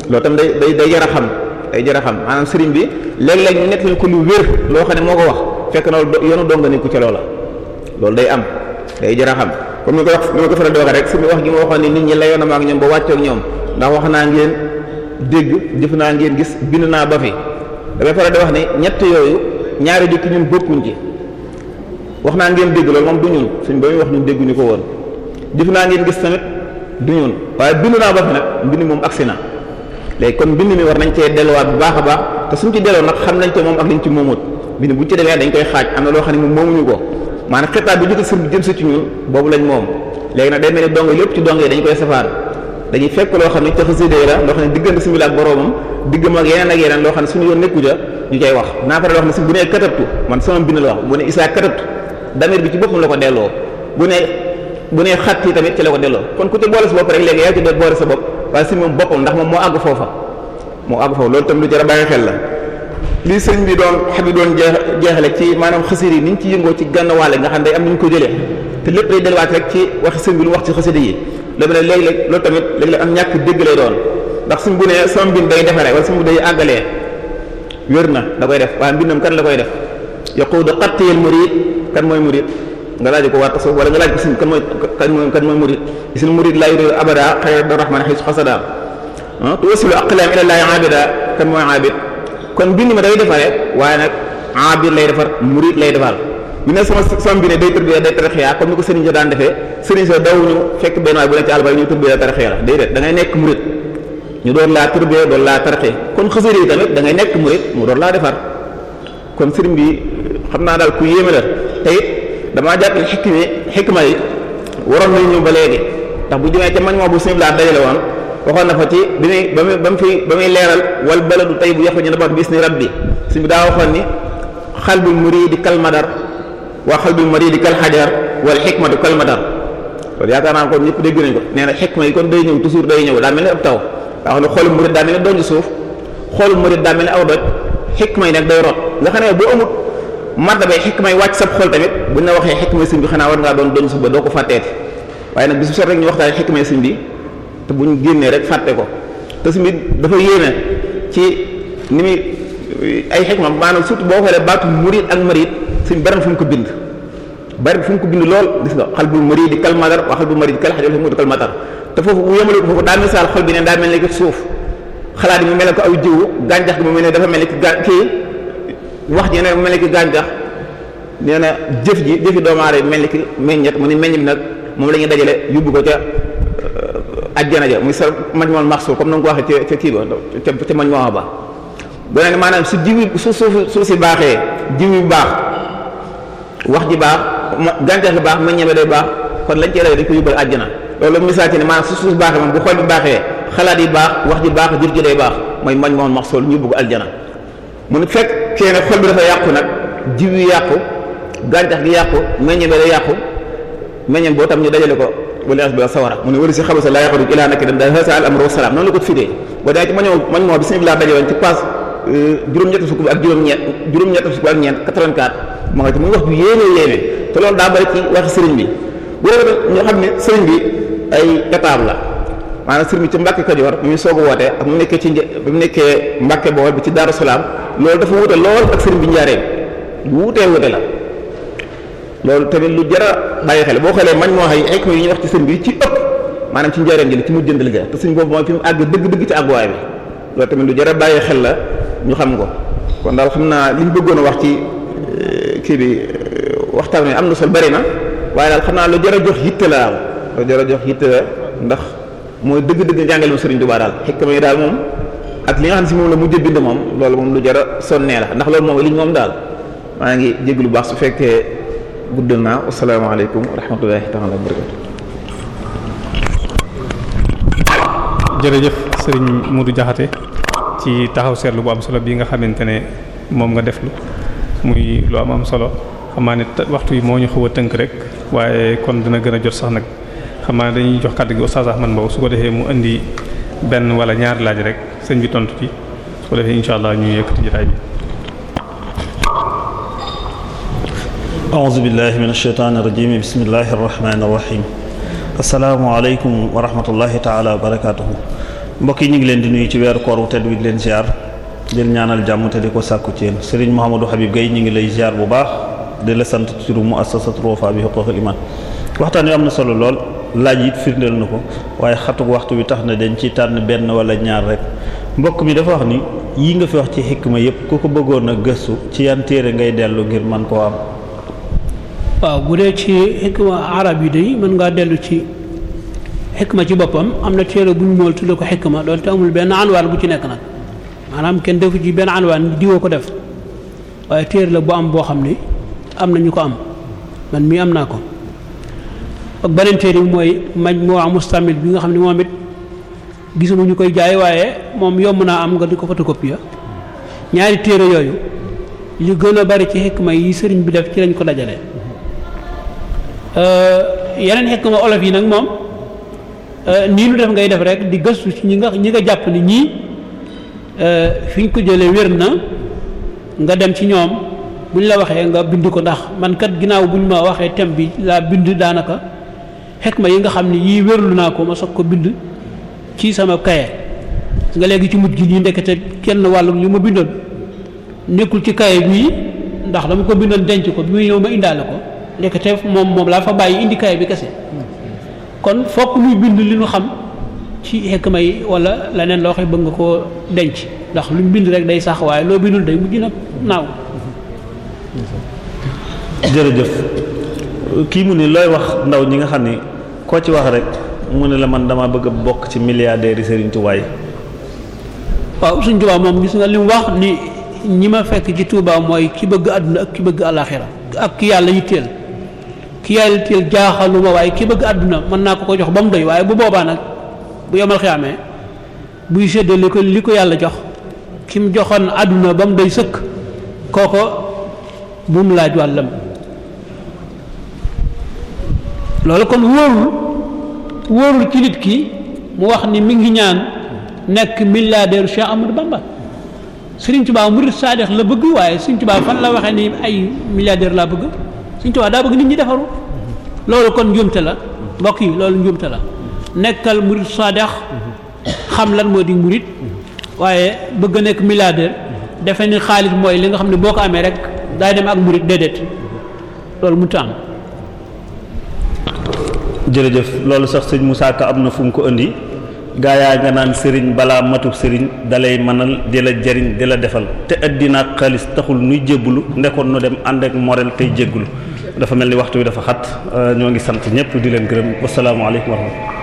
loolu tam day day day jar a xam day jar a xam maanaam sëriñ bi léeg-léeg ñu nekk lañ ko lu wér loo xam ne moo ko wax fekk na yoonu dong nga nekku ca loola loolu day am day jar a xam comme ni ko wax ni ma ko faral di waxee rek suñu wax gi ma waxoon ni nit ñi layoon na ma ak ñoom ba wàccook ñoom ndax wax naa ngeen dégg jëf naa ngeen gis bind naa ba fi damay faral wax ne ñett yooyu. ñaari jukki ñun bokkuñ ci wax naa ngeen dégg loolu moom du ñun suñ ba muy wax ñun dégguñu ko woon jëf naa ngeen gis tamit du ñun waaye bind naa ba fi nag mbind moom agsi na léegi kon mbind mi war nañ cee delluwaat bu baax baax te suñ ci delloo nag xam nañ ko moom ak liñ ci moomut mbind buñ ci demee dañ koy xaaj am na loo xam ne moom moomuñu ko maanaam xetaat bi jëkk sër bi jëm si ci ñun boobu lañ moom léegi nag day mel ni dong lépp ci dong yi dañ koy safaan dañuy fekk loo xam ne ca xasiday la loo xam ne diggante simila ak boroomam digg ma yeneen ak yeneen loo xam ne suñu yoon nekku ja ñu cay wax naa pare loo xam ne si bu nee katabtu man sama bind la wax bu ne isaa katabtu damir bi ci kon ku ci boole sa bopp rek léegi yaa ci doon boole sa bopp waaye si moom boppam ndax moom moo àgg foofa bi doon xam bi doon jeex jeexale ci maanaam xasida yi ni ñu ci yëngoo ci gànn nga xam ne am nañu ko jëlee te lépp day delluwaat rek ci wax sëñ bi lu wax ci xasida yi dama ne léeg-léeg loolu tamit léeg-léeg am ñàkk dégg lay doon ndax suñ bu nee sama mbind day defaree wala suñ bu day àggalee wér na da koy def waaye mbindam kan la koy def yaquudu xattiyal murid kan mooy murid nga laaj ko waa tasawuf wala nga laaj ko suñ kan mooy kan mooy kan mooy murid suñ murid laa yuridu abada xayra da rahman xis xasadaam ah, tuwasilu aqlaam kon mbind ma day defaree waaye nag abid lay defar murid lay defal ñu ne sama sam bi ne day tërbiyee day taraxiyaa ah comme ni ko sëriñ sa daan defee sëriñ sa dawuñu fekk benn waay bu ne ci àll ba ñu tërbiyee taraxiyaa la déedéet da ngay nekk murit ñu doon laa tërbiyee laa taraxee kon xasida tamit da ngay nekk murit mu laa defar kon sëriñ bi xam naa daal ku yéeme la te damaa jàpp ne xikmi xikma yi waroon nañ ba léegi ndax bu jëmee ca man moom bu sëñ laa dajale woon waxoon na fa ci bi ba muy mu fi ba muy leeral wal baladu tayyibu yaxruju nabaatu bi isni rabbi suñu daa waxoon ni xalbul muridi kalmadar wa qalbul maridi kal hajar wal hikmatu kal matar loolu yaakaar naa kon ñëpp dégg nañ ko nee na xikma yi kon day ñëw toujours day ñëw daa mel ne ab taw daa xam ne xoolu murid daa mel ne donj suuf xoolu murid daa mel ne aw doj xikma yi nag day rot nga xam ne boo amul madda bay xikma yi wàcc sab xol tamit buñ la waxee xikma sëñ xanaa war ngaa doon donj suuf ba doo ko fàtteeti waaye nag bisu set rek ñu waxtaan xikma sëñ bi te buñ génnee rek fàtte ko te sëñ bi dafa yéene ci ni muy ay xikma maanaam surtout boo xoolee baatu murid ak marid suñ bari na fu mu ko bind bari na ko bind lool gis nga xal bu mari di kal madar waa xal bu mari di kal xajol mu di kal madar te foofu mu yemale ko foofu daa misaal xol bi ne daa mel ne ki suuf xalaat yi mu mel ni ko aw jiwu gàncax gi mu mel ne dafa mel ne ki ga kii wax ji ne mu mel ki gàncax nee na jëf ji jëfi doomu aadama mel ni ki meññet mu ni meññ bi nag moom la ñuy dajale yóbbu ko ca ajjana euh, ja muy sa majmal maxsu comme na nga waxee ca ca kii ba ca ca majmal ba. beneen maanaam su jiw su suuf su si baaxee jiw yu baax. wax ji baax ma gàncax gi baax ma ñebe day baax kon lañ ci rey dañ ko yóbbal àjjana loolu misaal ci ne maanaam su suuf baaxee moom bu xol bi baaxee xalaat yi baax wax ji baax jur ji day baax mooy mañ moon ma sol ñu bugg aljana mu ne fekkee ne xol bi dafa yàqu nag jiw yi yàqu gàncax gi yàqu meññebe day yàqu meññeen boo tam ñu dajale ko wala asbila sawara mu ne wala si xabasa laa yaqadu ilaa nakki dan daal hasa al amru wasalaam noonu la ko firee ba daa ci mañoo mañ moo bi sëñ laa daje woon ci paas Euh, juróom-ñett fukk bi ak juróom-ñett juróom-ñett fukk bi ak ñeent 84 ma nga ci muy wax ju yéeme yéeme te loolu daa bari ci wax sëriñ bi bu loolu ne sëriñ bi ay étape la maanaam sëriñ bi ci Mbàkke Kajoor bi muy soog a woote ak mu nekkee ci bi mu nekkee Mbàkke Bawol bi ci Salaam loolu dafa wute lool ak sëriñ bi njaaree wutee wute la loolu tamit lu jar a bàyyi xel boo xoolee mañ moo xay ay ko ci sëriñ bi ci ëpp ci njaareen ji la mu jëndal ga te sëriñ boobu mooy mu àgg dëgg-dëgg ci tamit lu jar a bàyyi xel la ñu xam ko kon daal xam naa li ñu bëggoon wax ci euh, kii bi euh, waxtaan wi am na sol bari na waaye daal xam naa lu jar a jox yitte la daal lu jar jox yitte la ndax mooy dëgg-dëgg njàngale mu Sëriñ Tuubaa daal xikma yi daal moom ak li nga xam la mujj bind moom loolu moom lu jara a sonnee la ndax loolu moom li ñu moom daal maa ngi jégg lu baax su fekkee guddal naa asalaamaaleykum wa rahmatullahi taala wa barakatu jërëjëf sëriñ Modou Diakhaté ci taxaw seetlu bu am solo bi nga xamante ne moom nga def lu muy lu am am solo xamaa ne waxtu yi moo ñu xaw a tënk rek waaye kon dina gën a jot sax nag xamaa ne dañuy jox kàddu gi Oustaz su ko defee mu indi benn wala ñaari laaj rek sëñ bi tontu ci su allah ñu yëkkati jotaay bi. a'uuzu billaahi mina shaytaani rajiim bismillaahi rahmaani rahiim assalaamu aleykum wa rahmatullaahi ta'aala wa barakaatuhu mbokk yi ñu ngi leen di nuyu ci weeru koor wu tedd wi di leen ziar di ñaanal jàmm te di ko sàkku ci yéen Serigne Habib Gueye ñu ngi lay ziar bu baax di la sant ci turu muassasatu Wafa bi huquqil iman waxtaan wi am na solo lool laaj it firndeel na ko waaye xatug waxtu wi tax na dañ ci tànn benn wala ñaar rek mbokk mi dafa wax ni yi nga fi wax ci xikma yëpp ku ko bëggoon a gëstu ci yan ngay dellu ngir man koo am. waaw bu ci xikma arab yi xikma ci boppam am na téere bu ñu mool tudde ko xikma loolu te amul benn anwaan bu ci nekk nag maanaam kenn defu ci benn anwaan diwoo ko def waaye téere la bu am boo xam ni am na ñu ko am man mii am naa ko beneen téere bi mooy maj moo mustamil bi nga xam ne moom it gisuma ñu koy jaay waaye moom yomb naa am nga di ko photocopie ñaari téere yooyu li gën a bari ci xikma yi sëriñ bi def ci lañ ko dajale euh, yeneen xikma olof yi nag moom Euh, nii lu def ngay def rek di gëstu ci ñi nga ñi nga jàpp ni ñii euh, fi ñu ko jëlee wér na nga dem ci ñoom bu ñu la waxee nga bind ko ndax man kat ginnaaw bu ñu ma waxee thème bi laa bind daanaka ma yi nga xam ne yii wérlu naa ko ma soog ko bind ci sama kaye nga léegi ci mujj gi nii ndekete kenn wàllu li ma bindoon nekkul ci kaye bii ndax dama ko bindoon denc ko bi muy ñëw ma indaale ko ndekete moom moom laa fa bàyyi indi kaye bi kese kon fokk ñuy bind li ñu xam ci xikma yi wala leneen loo xam bëgg nga koo denc ndax luñ bind rek day sax waaye loo bindul de mu nag naaw. jërëjëf kii mu ni looy wax ndaw ñi nga xam ni koo ci wax rek mu ne la man dama bëgg bokk ci milliardaires yi Serigne Touba yi. moom gis nga li mu wax ni ñi ma fekk ci Touba mooy ki bëgg àdduna ak ki bëgg àllaaxira ak ki yàlla yitteel. kiyaalitil jaaxaluma waaye ki bëgg àdduna mën naa ko ko jox ba mu doy waaye bu boobaa nag bu yomal xiyaamee buy séddale ko li ko yàlla jox ki mu joxoon àdduna ba mu doy sëkk kooko bu mu laaj wàllam loolu kon wóorul wóorul ci nit ki mu wax ni mi ngi ñaan nekk milliardaire Cheikh Amadou Bamba Serigne Touba murid saadix la bëgg waaye Serigne Touba fan la waxee ni ay milliardaire laa bëgg Sëriñ Tuubaa daa bëgg nit ñi defaru loolu kon njuumte la mbokk yi loolu njuumte la nekkal murid sadex xam lan moo di murid waaye bëgg a nekk milliardaire defe ni xaalis mooy li nga xam ne boo ko amee rek daay dem ak murid déedéet loolu mu am jërëjëf loolu sax sëñ Moussa Ka am na fu mu ko indi gaa yaa nga naan sëriñ balaa matub sëriñ dalay mënal di la jëriñ di la defal te addinaak xaalis taxul nuy jébbulu nekkoon nu dem ànd ak moreel tey jéggulu dafa mel ni waxtu wi dafa xat euh, ñoo ngi sant ñëpp di leen gërëm wasalaamualeykum wa rahmatulah